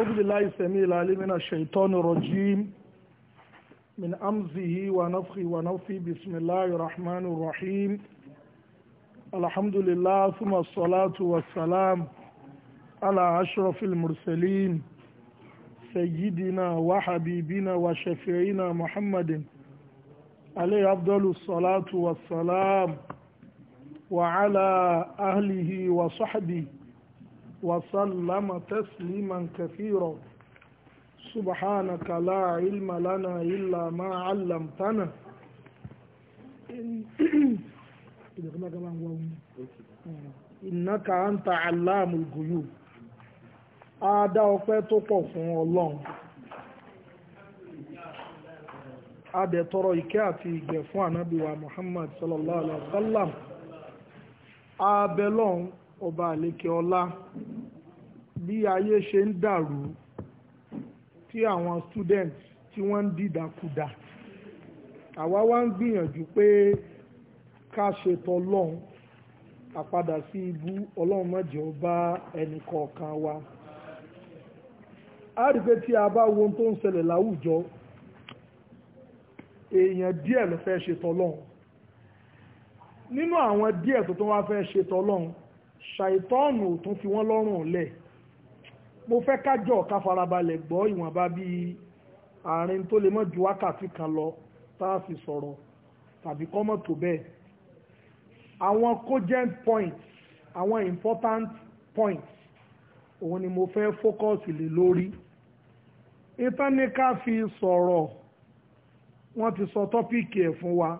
أعوذ بالله السميع العليم من الشيطان الرجيم من أمزه ونفخه ونفخه بسم الله الرحمن الرحيم الحمد لله ثم الصلاة والسلام على أشرف المرسلين سيدنا وحبيبنا وشفيعنا محمد عليه أفضل الصلاة والسلام وعلى أهله وصحبه وسلم تسليما كثيرا سبحانك لا علم لنا إلا ما علمتنا إنك أنت علام الغيوب a dá ọpẹ́ tó pọ̀ fún Ọlọ́run a dẹ̀ tọrọ ìkẹ́ àti ìgẹ̀ fún ànábì wa Muhammad sallallahu alaihi wa sallam a bẹ Ọlọ́run ọba àlékè ọlá bí ayé ṣe ń dàrú tí àwọn students tí wọ́n ń dìdàkudà àwa wá ń gbìyànjú pé ká ṣètò ọlọ́run àpadà sí ibú ọlọ́run má jẹ́ ẹnì kọ̀ọ̀kan wa a rí pé tí a bá wo ohun tó ń ṣẹlẹ̀ láwùjọ èèyàn díẹ̀ ló fẹ́ ṣètò ọlọ́run nínú àwọn díẹ̀ tó tó wá fẹ́ ṣètò ọlọ́run ṣàìtọ́ọ̀nù ò tún fi wọ́n lọ́rùn lẹ̀ mo fẹ́ kájọ ká farabalẹ̀ gbọ́ ìwọ̀nba bíi àárín tó lè mọ́ ju wákàtí kan lọ tá a sì sọ̀rọ̀ tàbí kọ́mọ̀ tó bẹ́ẹ̀ àwọn cogent points àwọn important points òun ni mo fẹ́ focus lé lórí ìtàn ni ká fi sọ̀rọ̀ wọ́n ti sọ tọ́píìkì ẹ̀ fún wa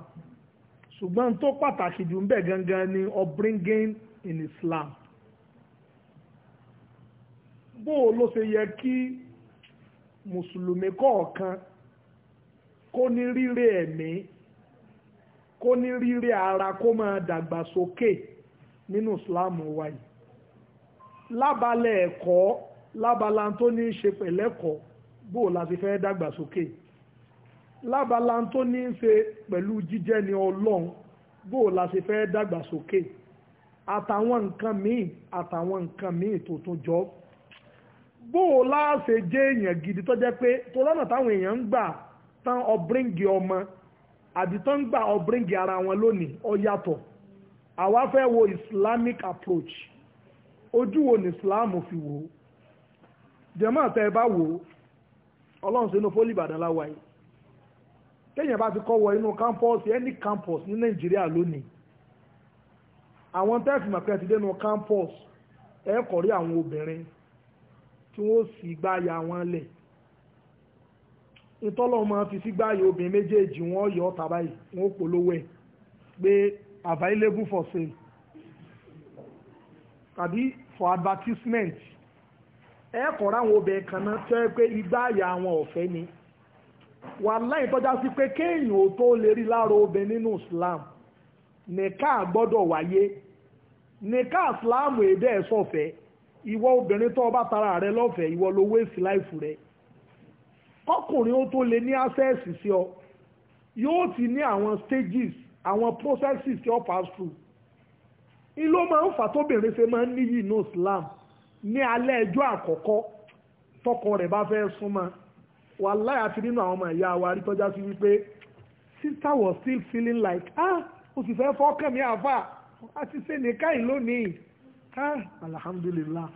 ṣùgbọ́n tó pàtàkì jù ń bẹ gangan ni upbringing in Islam bó o ló ṣe yẹ kí mùsùlùmí kọ̀ọ̀kan kó ní rírè ẹ̀mí kó ní rírè ara kó máa dàgbàsókè nínú Islam wa yìí lábalẹ̀ ẹ̀kọ́ lábala tó ní í ṣe pẹ̀lẹ́kọ̀ọ́ bó o la ti fẹ́ dàgbàsókè lábala tó ní í ṣe pẹ̀lú jíjẹ́ni ọlọ́run bó o la ti fẹ́ dàgbàsókè àtàwọn nǹkan míì àtàwọn nǹkan míì tó tún jọ bó o láàṣẹ jẹ́ èèyàn gidi tó jẹ́ pé tó lọ́nà táwọn èèyàn ń gbà tán ọbríǹgì ọmọ àbí tán ń gbà ọbríǹgì ara wọn lónìí ó yàtọ̀ àwa fẹ́ wo islamic approach ojú wo ni islam fi wò ó jẹ́mọ́ àtẹ ẹ bá wò ó ọlọ́run sínú fólì ìbàdàn láwàá yìí téèyàn bá ti kọ́ wọ inú campus any campus ní nàìjíríà lónìí àwọn tẹ́ẹ̀fì màkà ti dénú campus ẹ kọ̀ rí àwọn obìnrin tí wọ́n sì gbáyà wọn lẹ̀ ìtọ́lọ̀ máa fi sí gbáyà obìnrin méjèèjì wọ́n yọ ọ̀tà báyìí wọ́n polówó ẹ̀ pé available for sale tàbí for advertisement ẹ kọ̀ ráwọn obìnrin kan náà tẹ́ pé igbáyà àwọn ọ̀fẹ́ ni wàláì tọ́já sí pé kéèyàn ò tó lè rí láàárọ̀ obìnrin nínú Islam. No nìka gbọ́dọ̀ wáyé nìka ìsìláàmù èdè ẹ̀sọ̀fẹ́ ìwọ obìnrin tó bá tara rẹ lọ́fẹ̀ẹ́ ìwọ ló wéèsì láìfù rẹ kọkùnrin ó tó lè ní access sí ọ yóò ti ní àwọn stages àwọn processes tí ó pass through ìlú máa ń fà tóbìnrin ṣe máa ń níyì inú Islam ní alẹ́ ẹjọ́ àkọ́kọ́ tọkọ rẹ̀ bá fẹ́ súnmọ́ wàláyà ti nínú àwọn ọmọ ìyá wa rí tọ́já sí wípé sister was still feeling like ah o sì fẹ́ fọ́kàn mi àfà a ti ṣe ní káyìn lónìí ha alhamdulillah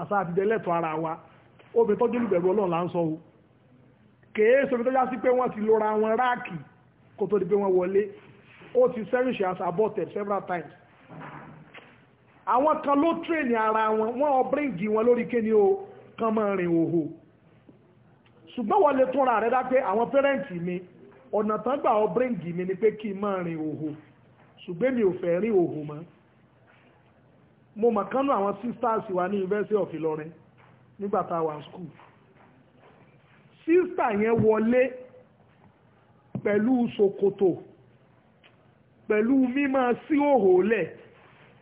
àṣà àtidẹ́lẹ̀tọ̀ ara wa obìnrin tọ́jú olùbẹ̀rù ọlọ́run là ń sọ o kèé sọmi tó já sí pé wọ́n ti lora wọn ráàkì kó tó di pé wọ́n wọlé ó ti sẹ́rìṣì as aborted several times àwọn kan ló tírèèni ara wọn wọ́n ọbíríǹgì wọn lórí kéni o kan máa rìn òhò ṣùgbọ́n wọ́n lè túnra rẹ̀ dá pé àwọn pẹ́rẹ́ǹtì mi ọ̀nà tán gbà ọbíríǹgì mi ni pé kí n máa rìn òhò ṣùgbọ́n mi ò fẹ́ rí òhò mọ́ mo mọ̀ kánú àwọn sisters wa ní University of Ìlọrin nígbà tá a wà school sister yẹn wọlé pẹ̀lú sokoto pẹ̀lú mímọ́ sí òhò lẹ̀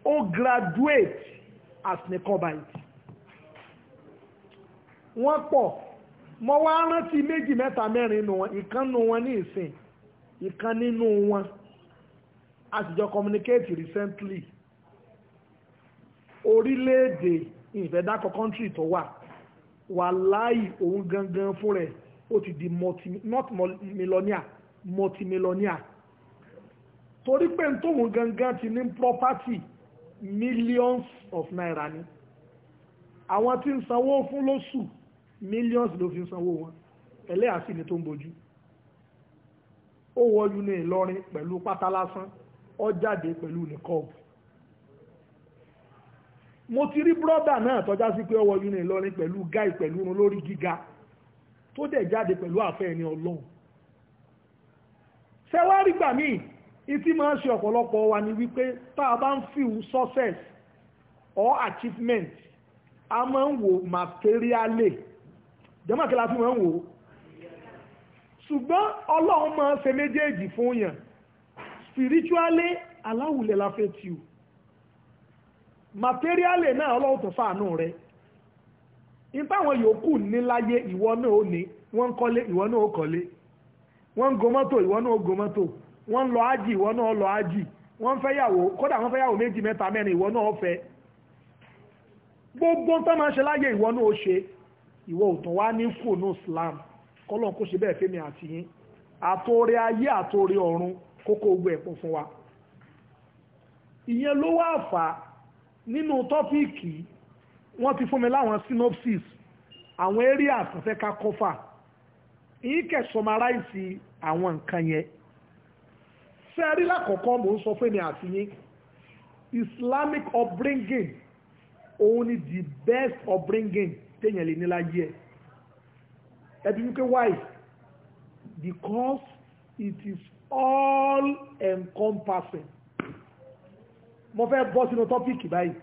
ó graduate as nicobite wọ́n pọ̀ mo wá rántí méjì mẹ́ta mẹ́rin nù wọn ìkan nù wọn ní ìsìn ìkan nínú wọn a sì communicate recently orílẹ̀-èdè ìfẹ̀dákọ̀ country tó wà wà láì òun gangan fún rẹ̀ ó ti di multi not millionaire multimillionaire torí pé n tóun gangan ti ní property millions of naira ni àwọn tí ń sanwó fún lóṣù millions ló fi ń sanwó wọn ẹlẹ́yà sì ni tó ń bojú ó wọ yunú Ìlọrin pẹ̀lú pátá lásán ọ jáde pẹ̀lú nìkọ́ọ̀bù mo ti rí brọ́dà náà tọ́já sí pé ọwọ́ yìí Ìlọrin pẹ̀lú gáì pẹ̀lú irun lórí gíga tó dẹ̀ jáde pẹ̀lú àfẹ́ ẹni ọlọ́run ṣẹ́wárí gbà míì ìtí máa ń ṣe ọ̀pọ̀lọpọ̀ wa ni wípé tá a bá ń feel success or achievement a máa ń wò materially jẹ́mọ̀ kí la fi máa ń wò ṣùgbọ́n ọlọ́run máa ń ṣe méjèèjì fún yàn spiritually Allah will elevate you materially náà ọlọ́run tó fàánú rẹ ipa àwọn yòókù níláyé ìwọ náà ó ní wọ́n ń kọ́lé ìwọ náà ó kọ́lé wọ́n ń go mọ́tò ìwọ náà ó go mọ́tò wọ́n ń lọ ájì ìwọ náà ó lọ ájì wọ́n ń fẹ́yàwó kódà wọ́n fẹ́yàwó méjì mẹ́ta mẹ́rin ìwọ náà ó fẹ́ gbogbo tó máa ń ṣe láyé ìwọ náà ó ṣe ìwọ òtún wá ní fòònù Islam kọ́lọ́n kó ṣe bẹ́ẹ̀ fẹ́mi àtìyín àtòrè ayé àtòrè ọ̀run kókó ogun ẹ̀kún fún wa ìyẹn ló wá fà á nínú tọ́píìkì wọ́n ti fún mi láwọn synopsis àwọn area àtúnfẹ́ ká kọ́fà yìí kẹ̀ sọmaráìsì àwọn nǹkan yẹn sẹ́ẹ̀rí lákọ̀ọ́kọ́ mò ń sọ fún mi àti yín Islamic upbringing òun ni the best upbringing téèyàn lè ní láyé ẹ̀ ẹbí wípé why because it is all encompassing mo fẹ́ bọ́ sínú tọ́pìkì báyìí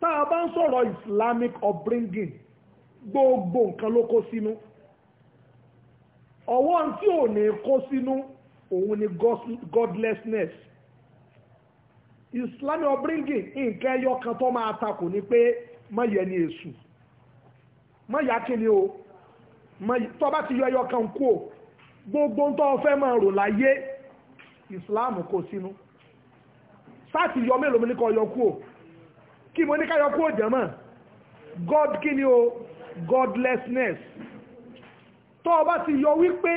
tá a bá ń sọ̀rọ̀ islamic upbringing gbogbo nǹkan ló kó sínú ọwọ́ tí ò ní kó sínú òun ni godlessness islamic upbringing nǹkan ẹyọ kan tó máa takò ní pé má yẹ ni èṣù má yà kí ni o tó bá ti yọ ẹyọ kan kú o gbogbo ń tọ́ fẹ́ máa rò láyé ìsìláàmù kò sínú sáàtì yọ mélòó mi ní kọ́ yọ kúò kí mo ní ká yọ kúò jẹ́mọ̀ god kí ni o godlessness tọ́ ọba ti yọ wípé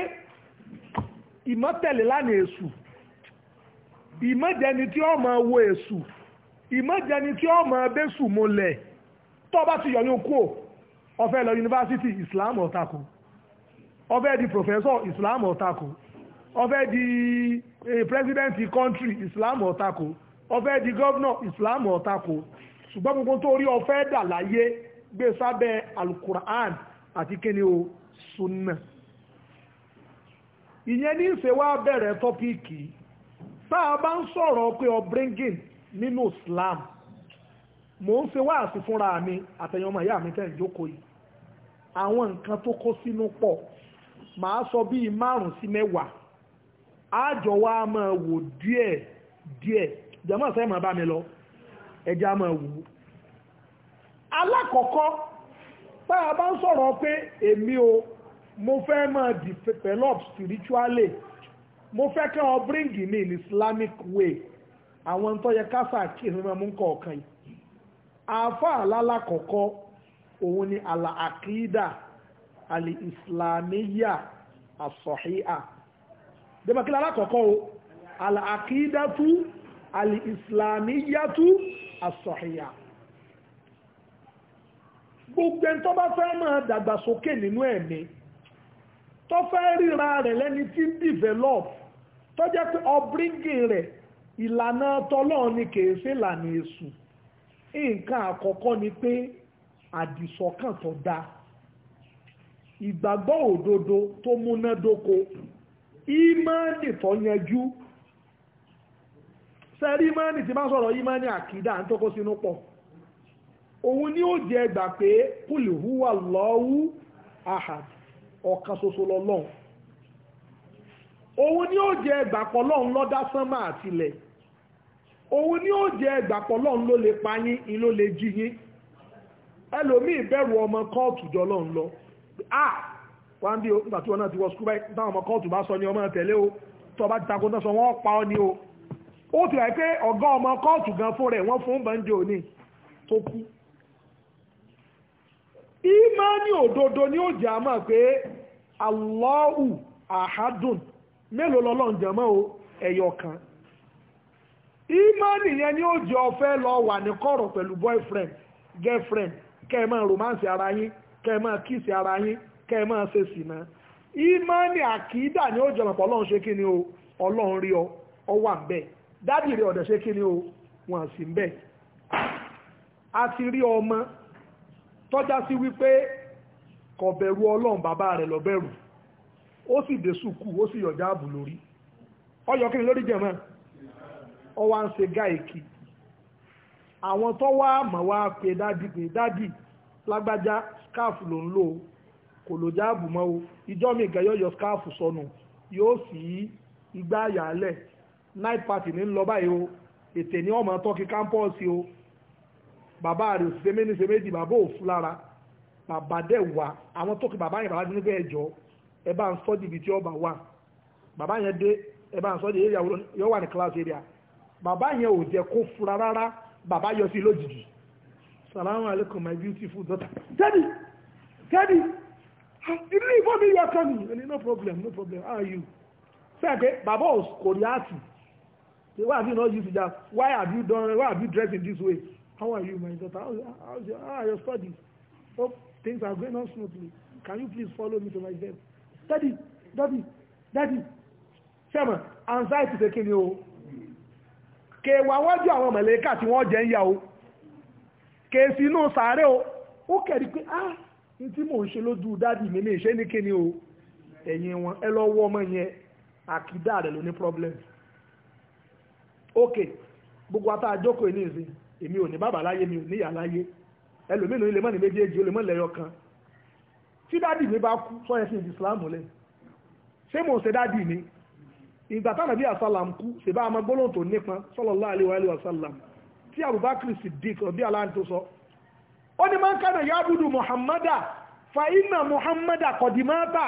ìmọ̀tẹ̀lé lánàá èṣù ìmọ̀jẹni tí ó máa wo èṣù ìmọ̀jẹni tí ó máa bẹ́sù múlẹ̀ tọ́ ọba ti yọ yóò kúò ó fẹ́ lọ yunifásitì ìsìláàmù ọ̀tàkùn ó fẹ́ di professor islam ọ̀tako ó fẹ́ di eh, president country islam ọ̀tako ó fẹ́ di governor islam ọ̀tako ṣùgbọ́n gbogbo tó rí ó fẹ́ dà láyé gbé sábẹ́ alukur'an àti kíni o sunna ìyẹn ní ìṣèwà bẹ̀rẹ̀ tọ́píìkì tá a bá ń sọ̀rọ̀ pé ọ bringing nínú islam mò ń ṣe wáàsí fúnra mi àtẹ̀yìn ọmọ ìyá mi tẹ̀ ń jókòó yìí àwọn nǹkan tó kó sínú pọ̀ màá sọ bíi márùn sí mẹ́wàá àjọ wa máa wò díẹ̀ díẹ̀ jẹ́mọ́ sẹ́yìn máa bá mi lọ ẹja máa wò ó alákọ̀ọ́kọ́ tá bá ń sọ̀rọ̀ pé èmi o mo fẹ́ máa develop spiritually mo fẹ́ kí wọ́n bring me in Islamic way àwọn tó yẹ kásà kí ìsinmi mú kọ̀ọ̀kan yìí àáfàá alálàkọ̀ọ́kọ́ òun ni àlà alìsìlámíyà àsọ̀híà dẹ́mọ̀kílá alákọ̀ọ́kọ́ o alàkídátú alìsìlámíyàtú àsọ̀híà gbogbo ẹni tó bá fẹ́ máa dàgbàsókè nínú ẹ̀mí tó fẹ́ ríra rẹ̀ lẹ́ni tí ń develop tó jẹ́ pé upbringing rẹ̀ ìlànà tọ́lọ́ọ̀ ni kèé sí ìlànà èṣù nǹkan àkọ́kọ́ ni pé àdìsọ́kàn tó dáa ìgbàgbọ́ òdodo tó múnádóko ìmánì tó yanjú sẹ́rí ìmánì tí bá sọ̀rọ̀ ìmánì àkídà ń tó kó sínú pọ̀ òun ni ó jẹ́ gbà pé kùlù húwà lọ́wú ahad ọ̀kan ṣoṣo lọ́lọ́run òun ni ó jẹ́ gbàpọ̀ lọ́run lọ́dá sánmà àtìlẹ̀ òun ni ó jẹ́ gbàpọ̀ lọ́run ló lè pa yín ló lè jí yín ẹlòmíì bẹ̀rù ọmọ kóòtù jọ lọ́run ah Ndị bí nígbà tí wọ́n náà ti ọmọ kóòtù bá sọ ni ọmọ tẹ̀lé o tó bá ti takò sọ wọ́n pa ọ ni o ó ti rẹ̀ pé ọmọ kóòtù gan fún rẹ̀ wọ́n fún bẹ́ńjẹ́ òní tó kú ni ó ji ama pé Allahu ahadun mélòó lọ́lọ́run o ẹ̀yọ̀ kan ni ó lọ wà ní kọ̀rọ̀ pẹ̀lú boyfriend girlfriend kẹ́ máa romance ara yín kẹ́ ẹ máa kíìsì ara yín kẹ́ ẹ máa ṣe sìnà ìmánì ni ó jọmọ̀ ọlọ́run ṣe kí ni o ọlọ́run rí ọ ọ wà ń bẹ̀ rí ọ̀dẹ̀ ṣe kí ni o wọ́n sì ń bẹ̀ a ti rí ọmọ tọ́já sí wípé kò bẹ̀rù ọlọ́run bàbá rẹ̀ lọ bẹ̀rù ó sì dé sùkú ó sì yọjá ààbò lórí ọyọ kí ni lórí jẹ̀mọ́ ọ wá ń ṣe gáìkì àwọn tó wá mọ̀ wá pé dádì pé dádì lágbájá scarf ló ń lò kò lò jáàbù mọ́ o ìjọ mi ìgbà yọ scarf sọnù yóò sì igbá àyàlẹ̀ night party ní lọ báyìí o ètè ní ọmọ tọ́kì kámpọ́ọ̀sì o bàbá rẹ̀ òṣìṣẹ́ méjì ṣe méjì bàbá ò fún lára bàbá dẹ̀ wà àwọn tọ́kì bàbá yẹn bàbá ẹ bá ń ibi tí ọba wà bàbá yẹn dé ẹ bá ń yọ wà ní bàbá yẹn ò jẹ́ kó fura rárá bàbá yọ sí lójijì salamu alaikum my beautiful daughter daddy daddy ah, ilé ìbọn mi yọ kan ni ẹni no problem no problem how are you sẹ́ẹ̀ pé bàbá kò rí àtì why have you not used hijab why have you done why have you dressed in this way how are you my daughter how, how's your, how are your studies hope things are going on smoothly can you please follow me to my bed daddy daddy daddy sẹ́mọ̀ anxiety ṣe kí ni o kèwà wọ́n jẹ́ àwọn mọ̀lẹ́kà tí wọ́n jẹ́ ń yà o kèsì inú sàárẹ̀ o ó kẹ̀rí pé ah ní tí mò ń ṣe lójú dádì mi ní ìṣe ní kíni o ẹ̀yìn wọn ẹ lọ́wọ́ ọmọ yẹn àkídá rẹ̀ ló ní problem ok gbogbo ata àjókòó ní ìsìn èmi ò ní bàbá láyé mi ò ní ìyá láyé ẹlòmínú ilé mọ́ni méjèèjì olè mọ́ni lẹ́yọ kan tí dádì mi bá kú sọ́yẹ́ sí ìsìláàmù lẹ́ ṣé mò ń ṣe dádì mi ìgbà tánàbí àsálàm kú ṣèbá àmọ́ gbólóhùn tó nípa sallallahu alaihi wa tí Abubakar Siddiq ọdí aláǹtó sọ ó ní máa ń kánà yábùdù Muhammada fa iná Muhammada kọ̀dìmáta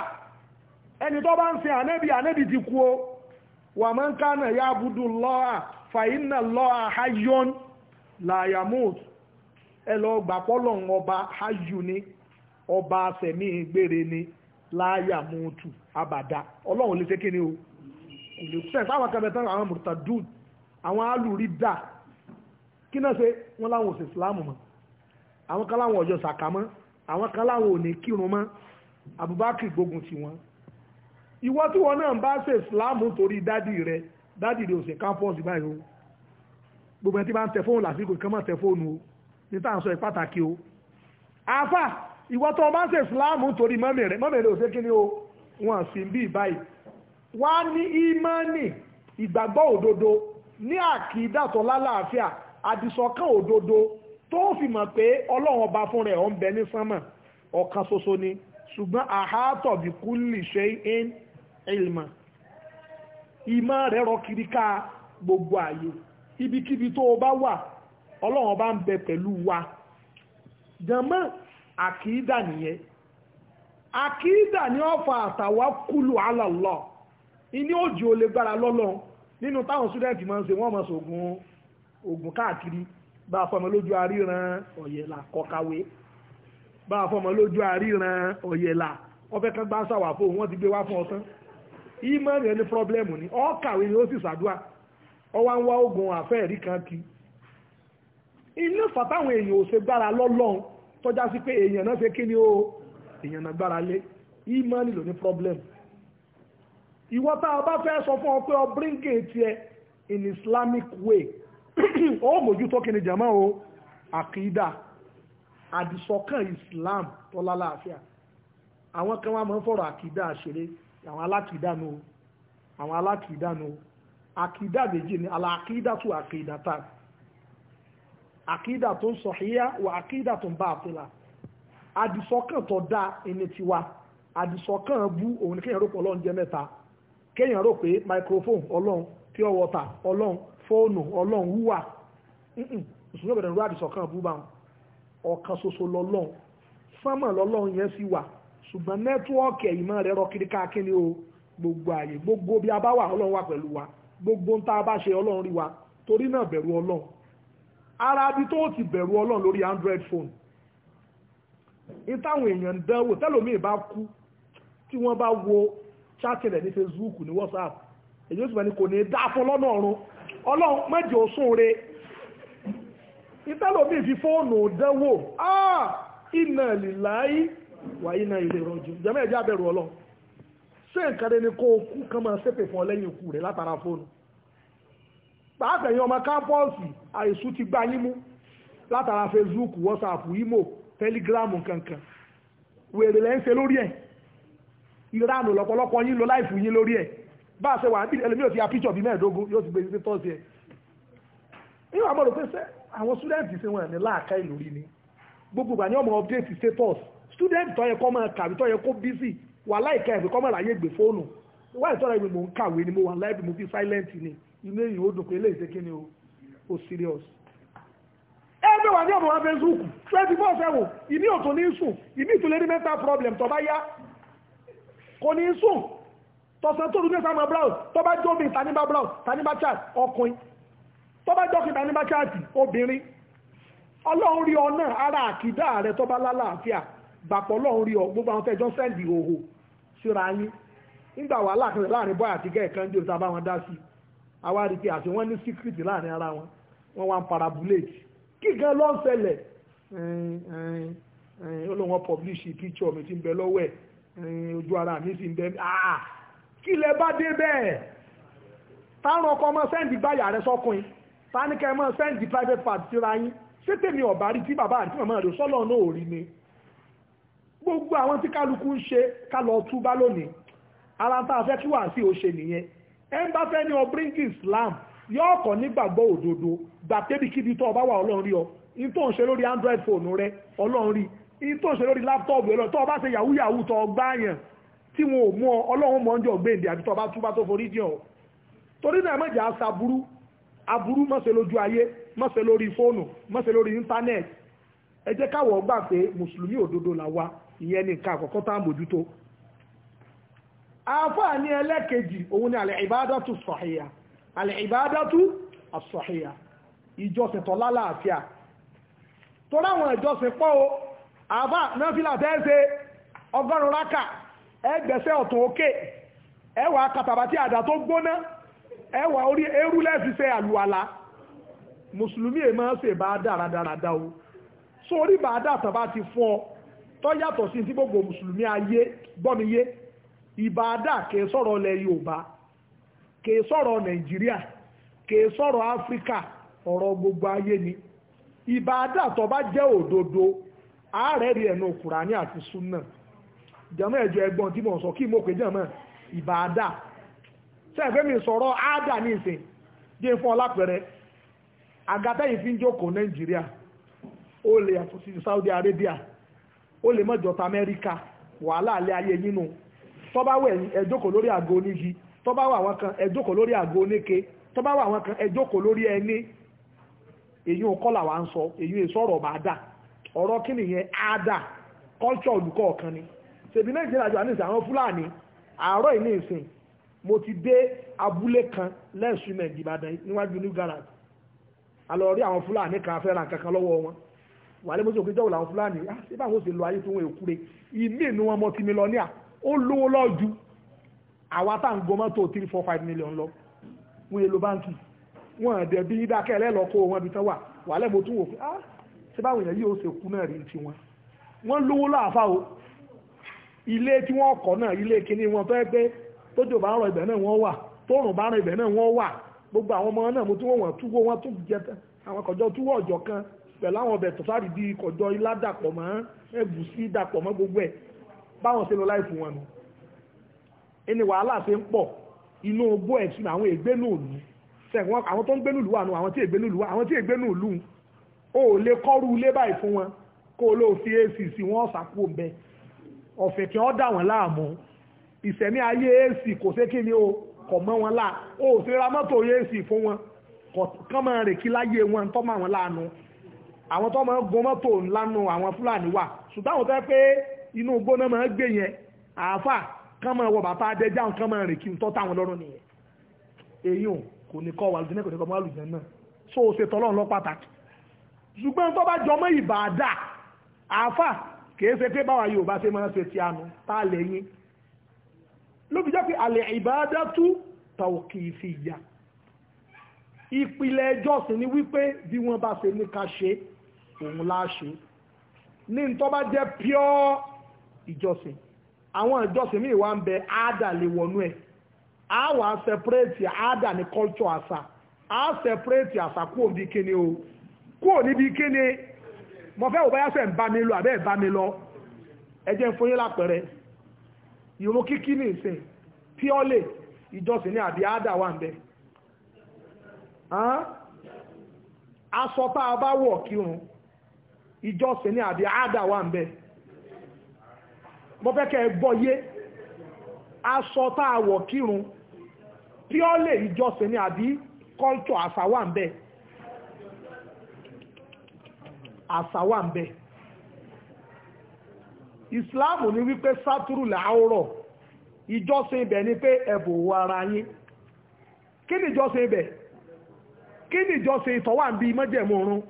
ẹni tó bá ń sin ànábì ànábì ti kú o wà máa ń kánà yábùdù lọ́à fa iná lọ́à hayon layamut ẹ lọ gbàpọ́lọ̀ ọba hayu ni ọba sẹ̀mí gbére ni láyàmútù abada ọlọ́run lè ṣe kí ni o kò lè sẹ́ẹ̀ sáwọn kẹfẹ́ tán àwọn mùtàdùn àwọn alùrídà kí náà ṣe wọ́n láwọn òsì ìsìláàmù mọ́ àwọn kan láwọn ọjọ́ sàkámọ́ àwọn kan láwọn ò ní kírun mọ́ Abubakar gbógun ti wọn ìwọ tí wọn náà bá ṣe ìsìláàmù torí dádì rẹ dádì rẹ òsì kámpọ́ọ̀sì báyìí o gbogbo ẹni tí bá ń tẹ fóònù lásìkò kan mọ̀ tẹ fóònù o ní tá à ń sọ ìpàtàkì o àfà ìwọ tó o bá ṣe ìsìláàmù torí mọ́mì rẹ mọ́mì rẹ òsì kí o wọn sì ń bí ìbáyìí wá ní ìmánì ní àkìdàtọ̀ àdìsọ́kàn òdodo tó fi mọ̀ pé ọlọ́run ọba fún rẹ̀ ọ̀ ń bẹ ní sánmà ọ̀kan ṣoṣo ni ṣùgbọ́n àhátọ̀ bí kúlì ṣe ń ilmọ̀ ìmọ̀ rẹ̀ rọ kiri ká gbogbo ààyè ibikíbi tó o bá wà ọlọ́run ọba ń bẹ pẹ̀lú wa jẹ̀mọ́ àkìídà nìyẹn àkìídà ní ọ̀fà àtàwà kúlù alàlọ́ ìní òjì ò lè gbára lọ́lọ́run nínú táwọn student máa ń ṣe wọ́n máa ṣògùn oògùn káàkiri bá a fọmọ lójú àríran ọ̀yẹ̀là kọ̀kàwé bá a fọmọ lójú àríran ọ̀yẹ̀là ọfẹ́ kan gbá sàwà fóun wọ́n ti gbé wá fún ọtán ìmọ̀ rẹ̀ ní pọ́blẹ́mù ni ọ́ kàwé ni ó sì ṣàdúà ọwá ń wá oògùn àfẹ́ẹ̀rí kan kí inú fàtàwọn èèyàn ò ṣe gbára lọ́lọ́run tọ́já sí pé èèyàn náà ṣe kí ni ó èèyàn náà gbára lé ìmọ̀ nílò ní pọ́blẹ́mù ìwọ tá a fẹ́ sọ fún ọ pé ọ bíríngè tiẹ̀ in Islamic way ó mójútó kí ni jàmá o àkídà àdìsọ́kàn Islam tó lálàáfíà àwọn kan wá máa ń fọ̀rọ̀ àkídà ṣeré àwọn alákìdánú àwọn alákìdánú àkídà méjì ni alákìdà tó àkídà tá àkídà tó ń sọ̀híyá wà àkídà tó ń bá àfẹ́là àdìsọ́kàn tó dá ẹni tiwa àdìsọ́kàn bú òun kéèyàn rò pé ọlọ́run jẹ́ mẹ́ta kéèyàn rò pé microphone ọlọ́run pure water ọlọ́run fóònù ọlọ́run wúwà mùsùlùmí ọ̀gbẹ̀dẹ̀ rú àdìsọ̀ kan bú bá wọn ọ̀kan ṣoṣo lọ́lọ́run sánmà lọ́lọ́run yẹn sì wà ṣùgbọ́n nẹ́tíwọ́ọ̀kì ẹ̀yìnmọ́ rẹ̀ rọ kiri káàkiri o gbogbo ààyè gbogbo bí a bá wà ọlọ́run wà pẹ̀lú wa gbogbo ń tá a bá ṣe ọlọ́run rí wa torí náà bẹ̀rù ọlọ́run ara bí tó ti bẹ̀rù ọlọ́run lórí android phone ìtàwọn èèyàn ń dánwò tẹ́lòmíì bá kú tí wọ́n bá wo chatting rẹ̀ ní facebook ní whatsapp èyí ó sì mọ̀ ní kò ní dá fún lọ́nà ọ̀run ọlọ́run mẹ́jọ sóore ìtẹ́lómi fi fóònù dánwò áà ah, iná lìláyí wà iná ilé rọjò jẹ́mẹ́ ẹ̀jẹ̀ abẹ̀rù ọlọ́run ṣé nǹkan dẹni kó o kú kan máa ṣépè fún ọ lẹ́yìn ikú rẹ̀ látara fóònù pàápẹ̀yìn ọmọ kápọ́ọ̀sì àìsù ti gbá yín mú látara Facebook WhatsApp imo Telegram kankan wèrè lẹ́ ń ṣe lórí ẹ̀ ìranù lọ́pọ̀lọpọ̀ yín lo láìfù yín lórí ẹ̀ bá a ṣe wà níbi ẹlòmí ò ti ya píṣọ̀ bíi mẹ́ẹ̀ẹ́dógún yóò ti gbé ní tọ́sí ẹ̀ nínú àmọ́ rò pé sẹ́ àwọn student ṣe wọn ní láàká ìlú rí ni gbogbo ìgbà ní ọmọ update status student tó yẹ kó máa kàwé tó yẹ kó busy wà láìka ẹ̀fẹ̀ kó máa ráyè gbé fóònù wà ìtọ́ra ìwé mò ń kàwé ni mo wà láìpẹ́ mo fi silent ni inú èyí ó dùn pé eléyìí ṣe kí ni o serious ẹgbẹ́ wà ní ọmọ wa facebook twenty four seven ìmí ò tó ní sùn ìmí ìtúlẹ̀ ní mental problem tó bá yá tọ̀sán tó rúgbé sáàmà brown tó bá jóbi ìtaníbà brown taníbà chat ọkùnrin tó bá jọ́kì taníbà chat obìnrin ọlọ́run rí ọ náà ara àkídá rẹ tó bá lálàáfíà gbàpọ̀ ọlọ́run rí ọ gbogbo àwọn tẹ́jọ́ sẹ́ndì òhò síra yín nígbà wà láàkínrẹ̀ láàrin bọ́ àti gẹ́ẹ̀ kan jò tá a bá wọn dá sí àwa rí pé àti wọ́n ní síkírìtì láàrin ara wọn wọ́n wá ń parabuléètì kí gan ló ń ṣẹlẹ̀ ó lóun publish picture mi ti ń bẹ lọ́wọ́ ẹ̀ ojú ara mi sì ń bẹ ah kí lẹ bá dé bẹ́ẹ̀ táwọn ọkọ̀ ọmọ sẹ́ǹdì gbáyà rẹ sọ́kùnrin táníkẹ́ mọ́ sẹ́ǹdì private part síra yín ṣé tèmi ọ̀bá rí tí bàbá àti màmá rẹ̀ sọ́lọ̀ náà ò rí ni gbogbo àwọn tí kálukú ń ṣe kálọ̀ túbá lónìí ara tá a fẹ́ kí wà sí ò ṣe nìyẹn ẹ ń bá fẹ́ ní ọ bring Islam yóò kọ́ nígbàgbọ́ òdodo gbà tẹ́bi kíbi tó ọba wà ọlọ́run rí ọ in tó ń ṣe lórí Android phone rẹ ọlọ́run rí in tó ń ṣe lórí láptọ́ọ̀bù ọlọ́run tó ọba ṣe yahoo yahoo tó ọgbà yẹn tí wọn ò mú ọ ọlọ́run mọ ọjọ́ gbèǹdé àbí tọba túbá tó forí torí náà mẹ́jẹ̀ á aburú má lójú ayé má lórí fóònù má lórí íńtánẹ́ẹ̀tì ẹ jẹ́ káwọ̀ pé mùsùlùmí òdodo là ìyẹn ní nǹkan àkọ́kọ́ tá à àáfàá ní ẹlẹ́kejì òun ni àlẹ́ ìbádọ́tù sọ̀hìyà àlẹ́ ìbádọ́tù ìjọsìn o àáfàá náà fi ṣe ọgọ́rùn ẹgbẹ̀sẹ̀ ọ̀tún òkè ẹwà tí àdá tó gbóná ẹwà orí eru lẹ́fi ṣe àlùwàlà mùsùlùmí èèmọ́ ṣe bá o orí bá dá ti fún ọ tó yàtọ̀ sí ti gbogbo mùsùlùmí ayé sọ̀rọ̀ ilẹ̀ Yorùbá sọ̀rọ̀ Nàìjíríà gbogbo ayé ni bá jẹ́ òdodo rí Kùránì àti jàmọ́ ẹ̀jọ̀ ẹgbọ́n tí mò ń sọ kí mo pè jàmọ́ ìbáadà sẹ́ẹ̀fẹ́ mi sọ̀rọ̀ áádà ní ìsìn fún ọlápẹ̀rẹ́ àgàtẹ́yìn fi ń jókòó nàìjíríà ó lè sí Saudi Arabia ó lè mọjọta wàhálà alẹ́ ayé nínú tọ́bá lórí àgọ́ onígi wà kan lórí àgọ́ oníke wà kan lórí ẹni ṣèbí nàìjíríà jọ àníṣe àwọn fúlàní àárọ̀ ìní ìsìn mo ti dé abúlé kan lẹ́sùn mẹ́jì ìbàdàn níwájú new garage a lọ rí àwọn fúlàní kan fẹ́ ra kankan lọ́wọ́ wọn wàlẹ́ mo sọ pé jọ́wọ́ làwọn fúlàní á sí báwọn ṣe lo ayé tó wọn èkúre ìmí ìnú wọn mọ́ ti mi lọ ní à ó lówó lọ́jú àwa tá ń gọmọ́ tó three four five million lọ wọn èlò báńkì wọn àdẹ bí dákẹ́ ẹlẹ́lọ́kọ́ wọn bí tán wà wàlẹ́ mo tún wò pé á sí báwọn èèyàn yìí ó ṣe kú náà rí ti wọn wọn lówó láàfáà o ilé tí wọ́n kọ́ náà ilé kíní wọn fẹ́ pé tójò bá ń rọ ibẹ̀ náà wọ́n wà tóòrùn bá ń rọ ibẹ̀ náà wọ́n wà gbogbo àwọn ọmọ náà mo tún wọ́n wọ́n túwó wọ́n tún jẹ àwọn kọjọ́ túwó ọ̀jọ̀ kan pẹ̀lú àwọn ọbẹ̀ tọ́sárì bíi kọjọ́ ilá dàpọ̀ mọ́ ẹ̀gúsí dàpọ̀ mọ́ gbogbo ẹ̀ báwọn ṣe lọ láìfù wọn nù ẹni wàhálà ṣe ń pọ̀ inú ogbó ẹ̀ sí àwọn ègbénùlù sẹ̀wọ́n àwọn tó ń gbénùlù wà nù àwọn tí ègbénùlù wà àwọn tí ègbénùlù ò lè kọ́rù ilé báyìí fún wọn kó o lóò fi ac sí wọn ọ̀sà kú òǹbẹ ọ̀fẹ́ kí wọ́n dà wọ́n láàmú ìsẹ̀mí ayé èsì kò sé kí ni o kọ̀ mọ́ wọn láà ó sì ra mọ́tò èsì fún wọn kọ́ máa rè kí láyé wọn tọ́ máa wọn láàánú àwọn tó máa gun mọ́tò ńlánu àwọn fúlàní wà ṣùgbọ́n àwọn tó yẹ pé inú gbóná máa gbé yẹn àáfà kán máa wọ bàtà adẹ́já kán máa rè kí n tọ́ táwọn lọ́rùn nìyẹn èyí ò kò ní kọ́ wà lùdínẹ́ kò ní kọ́ mọ́ àlùjẹ́ náà so ó ṣe tọ́lọ́run lọ pàtàkì ṣùgbọ́n tó bá jọmọ́ ìbàdà àáfà kìí ṣe pé báwa yóò bá ṣe máa ṣe ti àánú tá a lè yín ló fi jẹ́ pé àlè ìbádátú tawqifiyya ìpìlẹ̀ ẹjọ́sìn ni wípé bí wọ́n bá ṣe ní ká ṣe òun láṣe ní n tó bá jẹ́ pure ìjọsìn àwọn ìjọsìn míì wá ń bẹ áádà lè wọnú ẹ̀ á wàá separate ní culture àṣà á separate àṣà kúrò níbi kíni o kúrò níbi kíni mo fẹ́ òbáyá fẹ́ ń bá mi lọ àbẹ́ ẹ̀ bá mi lọ ẹ jẹ́ ń fún yín lápẹ̀rẹ̀ ìrún kíkí ní ìsìn píọ́lẹ̀ ìjọsìn ní àbí àádà wà ń bẹ aṣọ tá a bá wọ̀ kírun ìjọsìn ní àbí àádà wà ń bẹ mo fẹ́ kẹ́ ẹ gbọ́ yé aṣọ tá a wọ̀ kírun píọ́lẹ̀ ìjọsìn ní àbí kọ́ńtò àṣà wà ń bẹ àṣà wà ń bẹ islam ní wípé sátúrù làárọ̀ ìjọsìn ibẹ̀ ni pé ẹ̀bù wo ara yín kí ni ìjọsìn ibẹ̀ kí ni ìjọsìn ìtọ́wà ń bí mọ́jẹ̀mú ọrún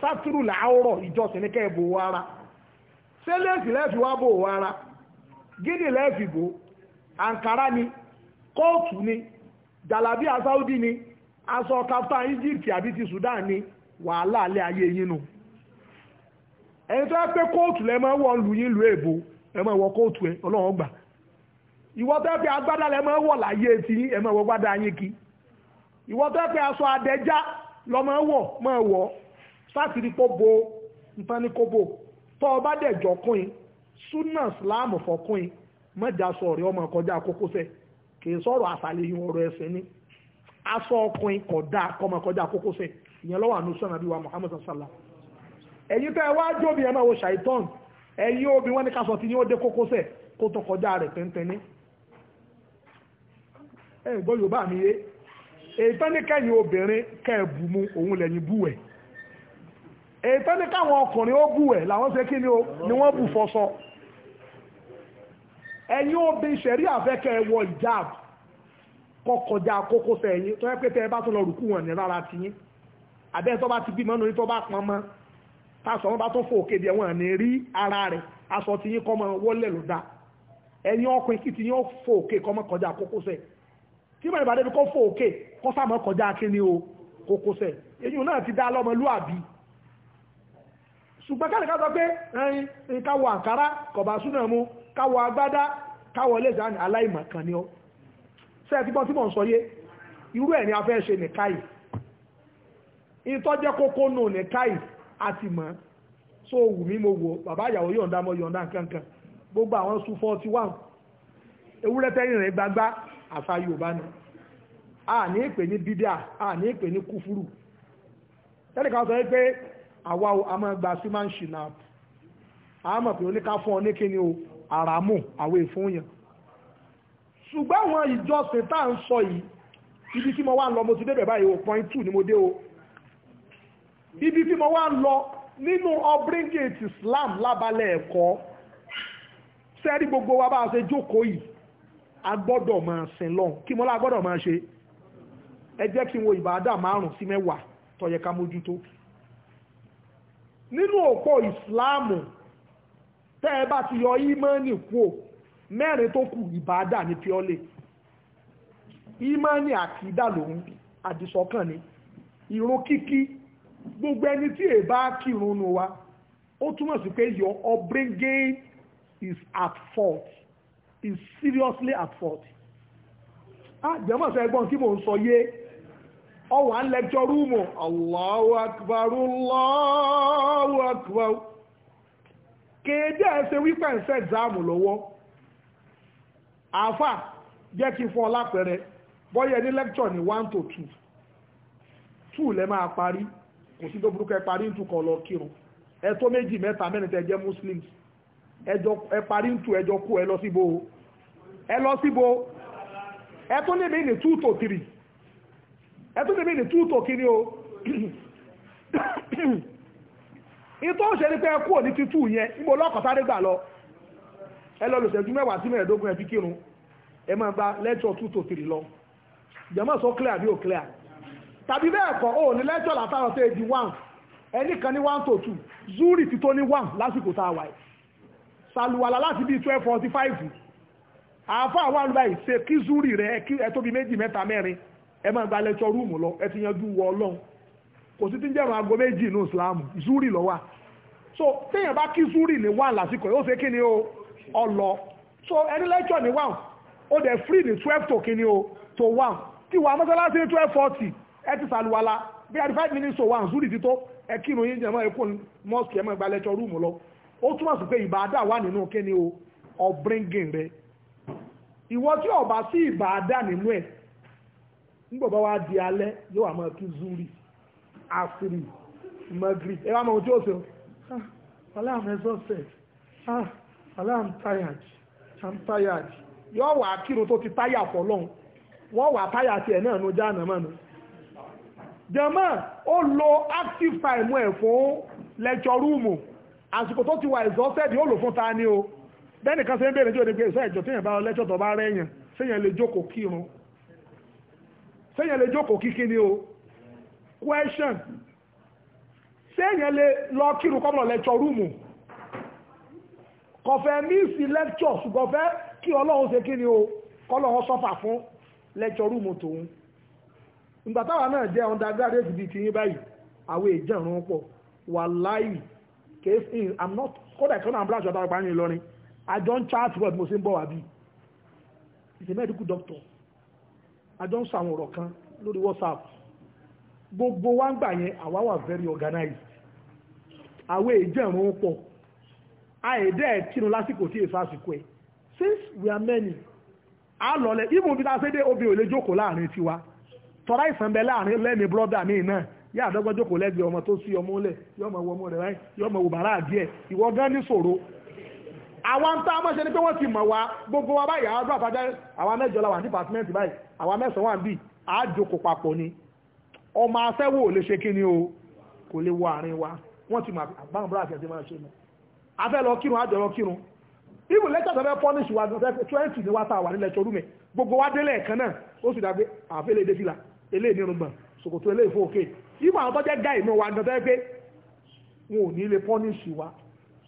sátúrù làárọ̀ ìjọsìn ní kẹ́ ẹ̀bù wo ara ṣé lẹ́sì lẹ́fì wá bò wo ara gíní lẹ́fì bò àǹkárá ni kóòtù ni jalabi asaudi ni aṣọ kaftan Egypt àbí ti Sudan ni wàhálà ala ayé yín nù. No ẹ̀yin tó yẹ pé kóòtù lẹ máa wọ̀ lù yín lù èbó ẹ máa wọ kóòtù ẹ ọlọ́run gbà ìwọ tó láyé ti ẹ máa wọ gbádá yín kí ìwọ tó yẹ aṣọ àdẹ́já lọ máa wọ̀ máa wọ̀ bo tọ́ ọ bá dẹ̀ jọkùn súnà síláàmù fọkùn mọ́jà sọ̀rọ̀ ọmọ kọjá kókósẹ̀ kì í sọ̀rọ̀ ọ̀rọ̀ ẹ̀sẹ̀ ni aṣọ ọkùnrin ẹ̀yin tẹ́ wá jóbi ẹ̀ máa wo ṣàìtọ́n ẹ̀yin obì wọ́n ní ká sọ ti ní ó dé kókósẹ̀ kó tó kọjá rẹ̀ tẹ́ntẹ́ní ẹ̀ gbọ́ yorùbá mi yé èyí tán ní kẹ́yìn obìnrin kẹ́ẹ̀bù mu òun lẹ́yìn bú ẹ̀ èyí tán ní káwọn ọkùnrin ó bú ẹ̀ làwọn ṣe kí ni wọ́n bù fọṣọ ẹ̀yin obìnrin ṣẹ̀rí àfẹ́kẹ́ ẹ̀wọ̀ ìjáàb kọkọjá kókósẹ̀ ẹ̀yin tó yẹ pé tẹ́ ẹ bá tún lọ rùkú wọn ní rárá tiyín àbẹ́ tó bá ti bímọ nítorí tó bá pọn mọ́ tásọ wọn bá tún fò òkè bí ẹ̀wọ̀n ní rí ara rẹ̀ aṣọ tí yín kọ́mọ wọlé ló dá ẹ̀yìn ọkùnrin kí ti yín fò òkè kọ́mọ kọjá kókósẹ̀ tí mọ̀ ìbàdàn bí kò fò òkè kọ́ sàmọ́ kọjá kíní o kókósẹ̀ èyí náà ti dá lọ́mọlúàbí ṣùgbọ́n káàkiri sọ pé ẹ̀yìn káwọ àǹkárá kọ̀bà súnà mu káwọ agbádá káwọ ẹlẹ́sẹ̀ àní aláìmọ̀kan ni ọ sẹ́ẹ̀tì gbọ́n tí mò ń sọ yé irú ẹ̀ ni a fẹ́ ṣe nìkáyì ìtọ́jẹ́ kókó nù nìkáyì a ti so wù mí mo wò bàbá ìyàwó yọ̀ǹda mo yọ̀ǹda kankan gbogbo àwọn sùn forty one ewúrẹ́ tẹ́yìn rẹ̀ gbangba àṣà yorùbá ni a ní ìpè ní bídíà a ní ìpè ní kúfúrù tẹ́lẹ̀ kan sọ pé àwa a máa gba símáǹsì náà a mọ̀ pé oníká fún ọ ní kíni o àràmù àwọn èèfún yẹn ṣùgbọ́n àwọn ìjọsìn tá à ń sọ yìí ibi tí mo wà ń lọ mo ti débẹ̀ báyìí o point two ni mo dé o ibi tí mo wá ń lọ nínú upbringing Islam lábalẹ̀ ẹ̀kọ́ sẹ́rí gbogbo wa bá a ṣe jókòó yìí a gbọ́dọ̀ máa sin lọ́n kí mo lá gbọ́dọ̀ máa ṣe ẹ jẹ́ kí n wo ìbáadà márùn-ún sí mẹ́wàá tó yẹ ká mójútó nínú òpó ìsìláàmù tẹ́ ẹ bá ti yọ ímánì kúò mẹ́rin tó kù ìbáadà ní píọ́lẹ̀ ímánì àkídà lòun àdìsọ́kàn ni ìrun kíkí gbogbo ẹni tí èèbá kírun nu wa ó túmọ̀ sí pé your upbringing is at fault is seriously at fault àjẹmọ̀ sọ ẹgbọ́n tí mò ń sọ yé ọwà ń lẹ́jọ́ rúùmù Allahu Akbar Allahu Akbar kéde ẹ̀ṣẹ̀ wípé ẹ̀ṣẹ̀ ẹ̀záàmù lọ́wọ́ àfà jẹ́ kí fún ọ lápẹẹrẹ bọ́yẹ ní lẹ́kṣọ̀ ní one to two two lẹ́ máa parí kò sí tó burúkú ẹ parí ntù kan lọ kírun ẹ tó méjì mẹ́ta mẹ́rin tẹ́ jẹ́ muslims ẹ parí ntù ẹjọ kú ẹ lọ síbo ẹ lọ síbo ẹ tó lè mí ní two to three ẹ tó lè mí ní two to kiri o ìtọ́ òṣèré pé ẹ kú òní títú yẹn níbo lọ́kọ̀tàrí gbà lọ ẹ lọ lòṣẹ́jú mẹ́wàá sí mẹ́ẹ̀ẹ́dógún ẹ fi kírun ẹ máa gba lẹ́tọ̀ two to three lọ jẹ́mọ̀ sọ clear bí ò clear tàbí bẹ́ẹ̀ kọ́ ó ní lẹ́tọ̀ látàrọ̀ tó di one ẹnì kan ní one to two zuri ti tó ní one lásìkò tá a wà yìí sàlùwàlà láti bíi twelve forty five àáfà wà lù báyìí ṣe kí zuri rẹ kí ẹ tóbi méjì mẹ́ta mẹ́rin ẹ máa gba lẹ́tọ̀ rúùmù lọ ẹ ti yanjú wọ ọlọ́run kò sí ti ń jẹ́rùn aago méjì inú ìsìláàmù zuri lọ wà so téèyàn bá kí zuri ní one lásìkò yóò ṣe kí ni o ọlọ so ẹni lẹ́tọ̀ ní one ó dẹ̀ free ní twelve to kí ni o to one tí wàá mọ́sálásí ní twelve forty ẹ ti bí i five minutes to one zuri ti tó mọsk rúùmù lọ ó túmọ̀ sí pé ìbàdà wà nínú o rẹ ìwọ ọba sí ìbàdà nínú nígbàgbọ́ wa di alẹ́ yóò wà kí zuri asiri magri ẹ mọ ohun tí ó ah, sọ ah yóò wà tó ti táyà fọlọ́n wọ́n wà táyà tiẹ̀ náà jama ó lo active time ẹ̀ fún lecture room àsìkò tó ti wà exhausted ó lò fún ta ni o bẹ́ẹ̀ni kan ṣe ń bèèrè tí ó ní pé ìṣẹ́ ìjọ tí yẹn bá lecture tó bá rẹ̀yàn sẹ́yìn lè jókòó kírun sẹ́yìn lè jókòó kíkí ni o question sẹ́yìn lè lọ kírun kọ́mọ̀ lecture room kò fẹ́ mísì lecture ṣùgbọ́n fẹ́ kí ọlọ́run ṣe kí ni o kọ́lọ́run sọ́fà fún lecture room tòun ìgbà táwa náà jẹ́ undergraduate bíi tiyín báyìí àwọn èjẹ̀rún pọ̀ wàláì kéésì i'm not kódà ìtọ́nà ambulance ọ̀dà ọ̀pá yín lọ́rin àjọ ń word mo sì ń bọ̀ wá bí he's medical doctor àjọ ń ọ̀rọ̀ kan lórí whatsapp gbogbo wa ń gbà yẹn àwa wà very organized àwọn èjẹ̀rún pọ̀ àìdẹ́ kínú lásìkò tí èso àsìkò ẹ̀ since we are many a lọlẹ̀ even bí ta ṣe dé obìnrin ò lè jókòó láàrin tiwa tọ́ra ìsàn bẹ láàrin lẹ́ni brọ́dà míì náà yá àdọ́gbọ́n jókòó lẹ́gbẹ̀ẹ́ ọmọ tó sí ọmọ lẹ̀ yọ ọmọ wọ ọmọ rẹ̀ báyìí yọ ọmọ wò bàrà díẹ̀ ìwọ gan ní ṣòro àwọn tá a mọ̀ ṣe ni pé wọ́n ti mọ̀ wá gbogbo wa báyìí àwọn àbájá àwọn mẹ́jọ la wà ní pàtímẹ́ǹtì báyìí àwọn mẹ́sàn-án wà ń bì á jókòó papọ̀ ni ọmọ afẹ́wò lè ṣe kí ni o kò lè wọ àárín wa wọ́n ti mọ̀ àbáwọn búrọ̀ àti ẹ̀sìn máa ṣe mọ̀ afẹ́ lọ kírun àjọ lọ kírun ibu lẹ́tọ̀ tó fẹ́ pọ́nìṣì wa twenty ni wa ta wà nílẹ̀ ṣorúmẹ̀ gbogbo wa délẹ̀ kan náà ó sì dàgbé àfẹ́lẹ́ eléyìí ní irùngbọ̀n ṣòkòtò eléyìí fún òkè ibà àwọn tó jẹ́ gáì náà wà nǹkan tó yẹ pé wọn ò ní lè pọ́nìṣì wa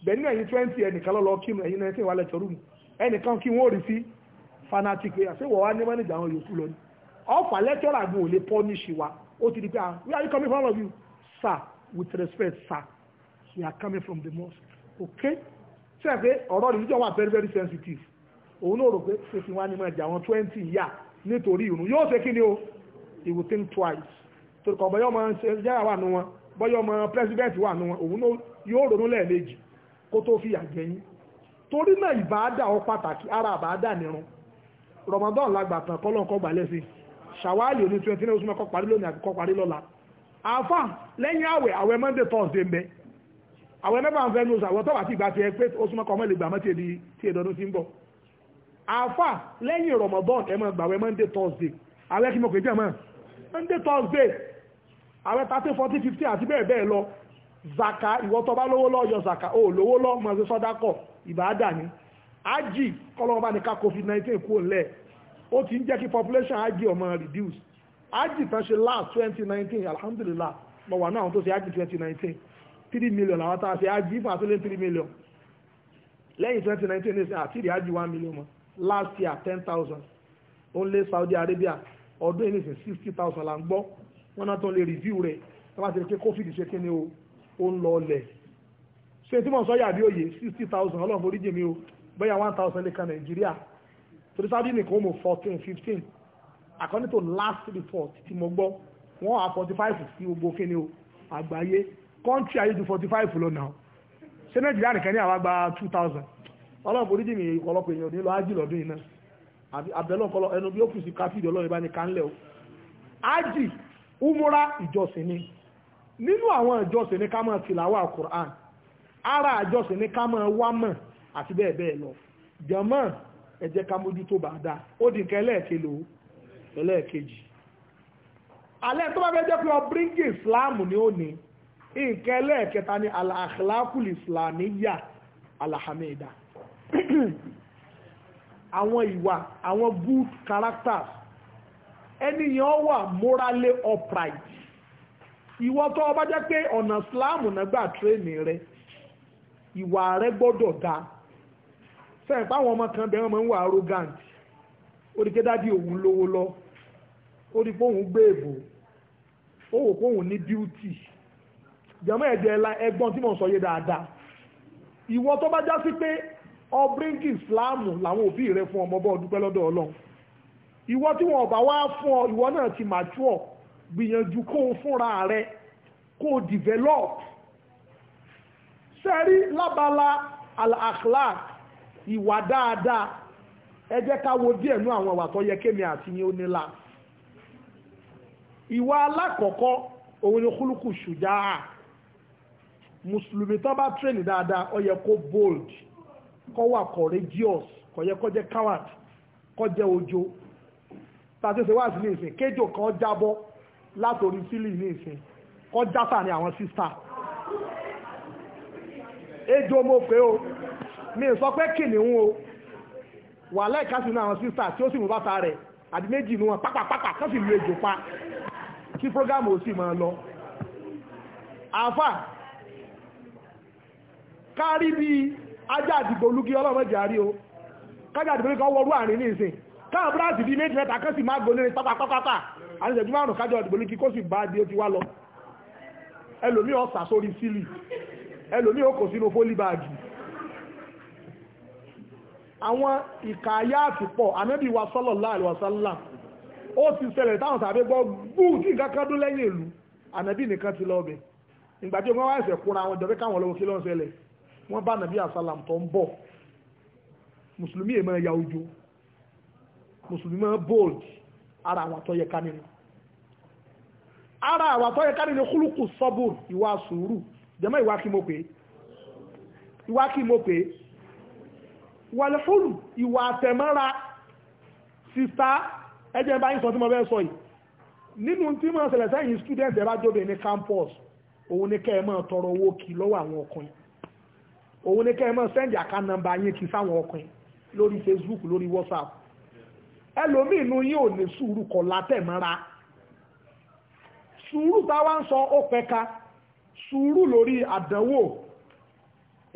bẹ́ẹ̀ ní ẹ̀yìn twenty ẹnìkan lọ́lọ́ kí ẹ̀yìn náà ẹ̀sìn wà lẹ́tọ̀ rúùmù ẹnìkan kí wọ́n rí sí fanatic pé àṣewọ̀ wa ní mẹ́nìjà àwọn yòókù lọ ni ọ̀fà lẹ́tọ̀rọ̀ àgbọn ò lè pọ́nìṣì wa ó ti di pé ah where are you coming from of you sir with respect sir we are coming from the mosque okay ṣe é pé ọ̀rọ̀ religion wà very very sensitive òun náà rò pé ṣe ti wá ní mẹ́nìjà àwọn twenty yà nítorí ìrùn yóò ṣe kí ni o he will think twice torí kọ̀ bọ́yọ́ ọmọ jẹ́rà wà nù wọn bọ́yọ́ ọmọ president wà nù wọn òun yóò ronú lẹ́ẹ̀mejì kó tó fìyà jẹyìn torí náà ìbáadà ọ pàtàkì ara àbáadà nìrun Ramadan lágbà tán kọ́lọ́nkọ́ gbà lẹ́sìn ṣàwáàlì oní twenty nine oṣù mẹ́kọ́ parí lónìí àkọ́kọ́ parí lọ́la àfà lẹ́yìn àwẹ̀ àwẹ̀ Monday Thursday ń bẹ àwẹ̀ mẹ́fà ń fẹ́ ní oṣù àwẹ̀ tọ́wà sí ìgbà tí ẹ pé oṣù mẹ́kọ́ ọmọ ìlẹ̀gbà mọ́tì èdè tí èdè ọdún ti ń bọ̀ àfà lẹ́yìn Ramadan ẹ máa gbà àwẹ̀ Monday Thursday àwẹ̀ kí mo pè jẹ́ mọ́ monday thursday ààrẹ thirty forty fifty àti bẹ́ẹ̀ bẹ́ẹ̀ lọ zaka ìwọ tó bá lówó lọ yọ zaka o lówó lọ mọ̀ sí sọ́dákọ̀ ìbáàdà bá ní covid nineteen kúrò lẹ̀ ti ń jẹ́ kí population o ọmọ reduce aji tán ṣe last twenty nineteen alhamdulillah mo wà náà tó ṣe ájì twenty nineteen three million àwọn tá a ṣe ájì fún àtúnlé three million lẹ́yìn twenty nineteen ní aji àtìrí ájì one million mọ́ last year ten thousand only Saudi Arabia ọdún ilé ìsìn sixty thousand là ń gbọ́ wọ́n náà tó lè review rẹ̀ wọ́n ti rí pé covid ṣe kí ni o ó ń lọ ọlẹ̀ ṣé tí mò sọ yàbí òye sixty thousand ọlọ́run forí jèmi o bóyá one thousand lè kan nàìjíríà torí sábà nìkan ó mọ̀ fourteen fifteen according to last report tí mo gbọ́ wọ́n á forty five sí gbogbo kí ni o àgbáyé country ayé ju forty five lọ náà ṣé nàìjíríà nìkan ní àwọn àgbà two thousand ọlọ́run forí jèmi ọ̀pọ̀lọpọ̀ èèyàn ò ní lọ ájì lọ́dún yìí náà abẹ́lọ́ kọ́lọ́ ẹnu bí ó kù sí káfíìdì ọlọ́run bá ní kánlẹ̀ o ájì umura ìjọsìn ni nínú àwọn ìjọsìn ni ká máa tìlàwà Qur'an ara ìjọsìn ni ká máa wá mọ̀ àti bẹ́ẹ̀ bẹ́ẹ̀ lọ jọmọ́ ẹ jẹ́ ká mójútó bá dáa ó di nǹkan ẹlẹ́ẹ̀kejì ẹlẹ́ẹ̀kejì alẹ́ tó bá fẹ́ jẹ́ pé ọ bíríngì Islam ni ó ní nǹkan ẹlẹ́ẹ̀kẹta ni al-akhlaqul islamiyya alhamida àwọn ìwà àwọn good characters ẹnìyàn wà morally upright ìwọ tó o bá jẹ́ pé ọ̀nà Islam náà gbà tírénì rẹ ìwà rẹ gbọ́dọ̀ dáa sẹ́yìn pé àwọn ọmọ kan bẹ̀rẹ̀ máa ń wà arrogant ó di pé dádì òun lówó lọ ó di pé òun gbé èbò ó wò pé òun ní beauty jẹ̀mọ́ ẹ̀jẹ̀ ẹ̀gbọ́n tí mò ń sọ yé dáadáa ìwọ tó bá já sí pé ọbíríngì ìsìláàmù làwọn òbí rẹ fún ọmọ bọ́ọ̀ dúpẹ́ lọ́dọ̀ ọlọ́run ìwọ tí wọn ọba wá fún ọ ìwọ náà ti mature gbìyànjú kó o fúnra rẹ kó o develop sẹ́rí lábala al-akhlaq ìwà dáadáa ẹ jẹ́ ká wo díẹ̀ nú àwọn ìwà tó yẹ kémi àti yín ó nílá ìwà alákọ̀ọ́kọ́ òun ni kúlùkù ṣùjá mùsùlùmí tó bá tírẹ̀nì dáadáa ó yẹ kó bold kọ́ wà courageous kọ́ yẹ kọ́ jẹ́ coward kọ́ jẹ́ ojo tàṣẹ́ṣe wá sí ní ìsìn kéjò kan jábọ́ látòrí sílì ní ìsìn kọ́ jásà ní àwọn sísà ejò mo pé o mi sọ pé kìnìún o wà lẹ́ẹ̀ká sínú àwọn sísà tí ó sì mú bàtà rẹ̀ àti méjì ní wọn pápápápá kán sì lu ejò pa kí prógámù ò sì máa lọ àfà kárí bíi ajá àdìgbò olúkí ọlọ́mọdé àrí o kájà àdìgbò olúkọ wọrú àárín ní ìsìn káà bíláàsì bíi méjì mẹ́ta kan sì máa gbolé pápápápá àti ìṣẹ́jú márùn kájà àdìgbò olúkí kó sì bá di ó ti wá lọ ẹlòmíì ọ̀sà sórí sílì ẹlòmíì okò sínú fólì báàgì àwọn ìkàyà àtìpọ̀ ànábì wa sallallahu alaihi wasallam ó ti ṣẹlẹ̀ táwọn sàbẹ̀ gbọ́ gbúù tí nǹkan kan dún lẹ́yìn ìlú ànábì nìkan ti lọ ọbẹ̀ ìgbàdí wọn wá ẹsẹ̀ kúnra wọn jọ pé káwọn lọ́wọ́ kí ló ń ṣẹlẹ̀ wọ́n bá nàbí àsálàm tó ń bọ̀ mùsùlùmí èèmọ̀ ya ojú mùsùlùmí máa bold ara àwà tó yẹ ká ara àwà tó yẹ ká nínú kúlùkù sọ́bù ìwà sùúrù jẹ́mọ́ ìwà kí mo pè ìwà kí mo pè wàlẹ́fọ́lù ìwà àtẹ̀mọ́ra sista ẹjẹ́ bá ń sọ tí mo fẹ́ sọ yìí nínú tí mo ṣẹlẹ̀ sẹ́yìn student ẹ̀rá ní campus òun ni kẹ́ ẹ máa tọrọ owó kì lọ́wọ́ àwọn ọkùnrin òun ní kẹ́ẹ̀mọ́ sẹ́ndì àká nọmba yín kí sáwọn ọkùnrin lórí Facebook lórí WhatsApp ẹlòmíì inú yín ò ní sùúrù kọ̀ látẹ̀mọ́ra sùúrù táwa ń sọ ó pẹ́ka sùúrù lórí àdánwò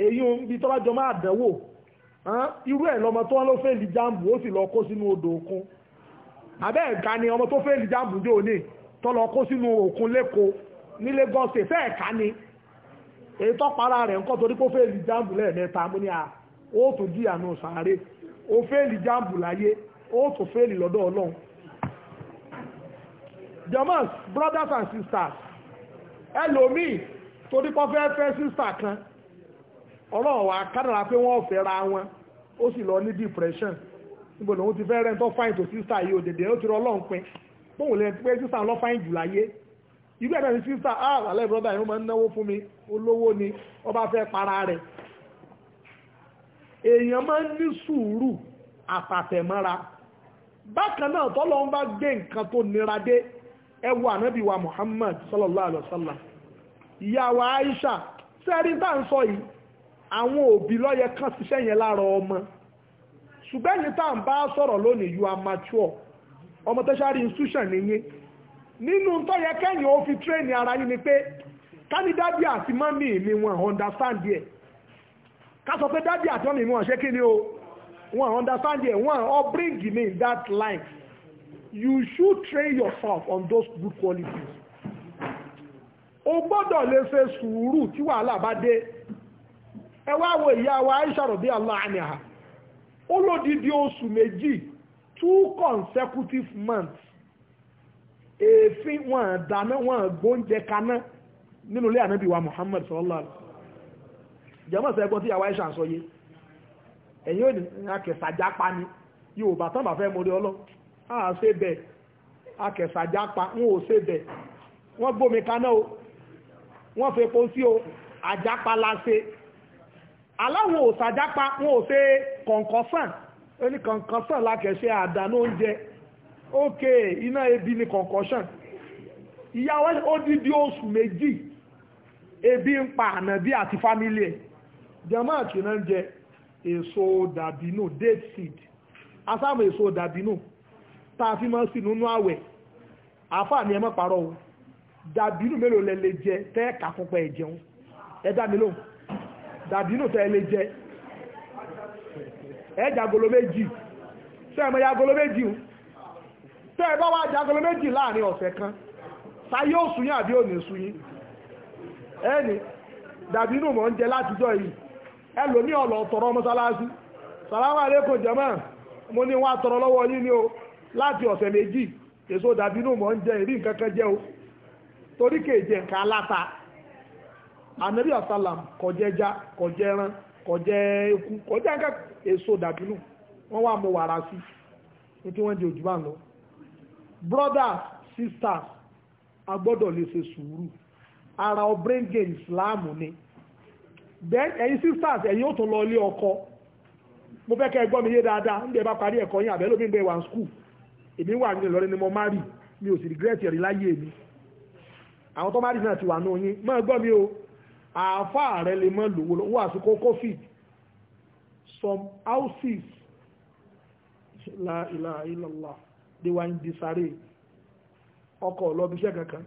èyí ohun bí tọ́lá jọmọ́ àdánwò irú ẹ̀ lọmọ tó wọ́n ló fẹ́ lì jáàmù ó sì lọ kó sínú odò òkun abẹ́ ẹ̀ka ni ọmọ tó fẹ́ lì jáàmù dé òní tọ́lọ kó sínú òkun lẹ́kọ̀ọ́ ní Lagos fẹ́ ni èyí tó para rẹ̀ ńkọ́ torí kó fèèlì jáàmù lẹ́ẹ̀mẹ́ta mú ní à ó tó jìyà náà sàárè ó fèèlì jáàmù láyé ó tó fèèlì lọ́dọ̀ ọlọ́run germans brothers and sisters ẹlòmíì torí kó fẹ́ fẹ́ sister kan ọ̀rọ̀ wa kádàrà pé wọ́n fẹ́ ra wọn ó sì lọ ní depression níbo lòun ti fẹ́ rẹ́ńtọ́ fáìn tó sister yìí òdèdè ó ti rọ ọlọ́run pin bóun lẹ́yìn pé sister lọ́ fáìn jù láyé irú ẹ̀dá ni sísá ààrà lẹ́bùrọ́dà yìí máa ń náwó fún mi olówó ni ọba fẹ́ para rẹ̀ èèyàn máa ń ní sùúrù àtàtẹ̀mọ́ra bákan náà tọ́lọ́ ń bá gbé nǹkan tó Muhammad sallallahu alaihi wasallam Aisha you nínú tó yẹ kẹ́yìn ó fi tírẹ́nì ara yín ni pé kánidádì àti mọ́mì mi wọn understand ẹ̀ ká sọ pé dádì àti mọ́mì mi wọn ṣé kí ni o wọn understand ẹ̀ wọn ọ bring me in that line you should train yourself on those good qualities o gbọ́dọ̀ lè ṣe sùúrù tí wàhálà bá dé ẹ wá wo ìyá wa Aisha rọ̀bí Allah anha ó lòdìdí oṣù méjì two consecutive months èéfín wọn dáná wọn gbóúnjẹ kaná nínú ilé ànábì wa Muhammad sallallahu alaihi jẹmọ́ sẹ́gbọ́n tí àwáyé ṣàǹsọ yé ẹ̀yìn ò ní akẹsàjápa ni yóò bá tán bá fẹ́ mọ́rí ọlọ́ àà ṣe bẹ̀ akẹsàjápa wọn ò ṣe bẹ̀ wọ́n gbómi kaná o wọ́n fẹ́ pọ́ sí o àjápa la ṣe aláwọn ò sàjápa wọn ò ṣe kọ̀ǹkọ̀sán ó ní kọ̀ǹkọ̀sán lákẹ̀ṣe àdánù oúnjẹ ok iná ebi ni concussion ìyá wa ó dídí oṣù méjì ebi ń pa ànàbí àti fámílì ẹ̀ jẹ́mọ́ àti náà ń jẹ èso dàbínú date seed asáàmù èso dàbínú tá a fi mọ́ sínú nínú àwẹ̀ àáfàá ni ẹ mọ́ parọ́ o dàbínú mélòó lẹ lè jẹ tẹ́ ẹ̀ka púpọ̀ ẹ̀ jẹun ẹ dá mi lóhùn dàbínú tẹ́ ẹ lè jẹ ẹ jàgolo méjì sẹ́ẹ̀mọ́ yàgolo méjì o tẹ́ ẹ bá wá jagolo méjì ọ̀sẹ̀ kan sa yóò sùn àbí ò ní ẹni dàbí inú mọ̀ ń jẹ látijọ́ yìí ẹ lò ní ọ̀lọ̀ mọ́sálásí sàlámà jẹ́mọ́ mo ní wá tọrọ lọ́wọ́ yín o láti ọ̀sẹ̀ méjì èso dàbí inú mọ̀ ń jẹ ìrí nǹkan kan jẹ́ o torí kèje nǹkan aláta ànábì àsálàm kọjẹ́já kọjẹ́rán kọjẹ́ eku nǹkan èso dàbí inú wà mọ wàrà sí ní brothers sisters a lè ṣe sùúrù ara ọ̀brẹ́ngẹ̀ Islam ni then sisters ẹ̀yin o tún lọ ilé ọkọ mo fẹ́ kẹ́ mi yé dáadáa ń bá parí ẹ̀kọ́ yín àbẹ́lómi ń bẹ̀ wà school èmi wà ní lọ́rẹ́ ni mo má mi ò sì regret ẹ̀rí láyé mi àwọn tó má náà ti wà ní oyin mọ́ ẹ mi o rẹ lè lòwó àsìkò some houses la ilaha illallah dé wá ń di sáré ọkọ ọlọ́bíṣẹ́ kankan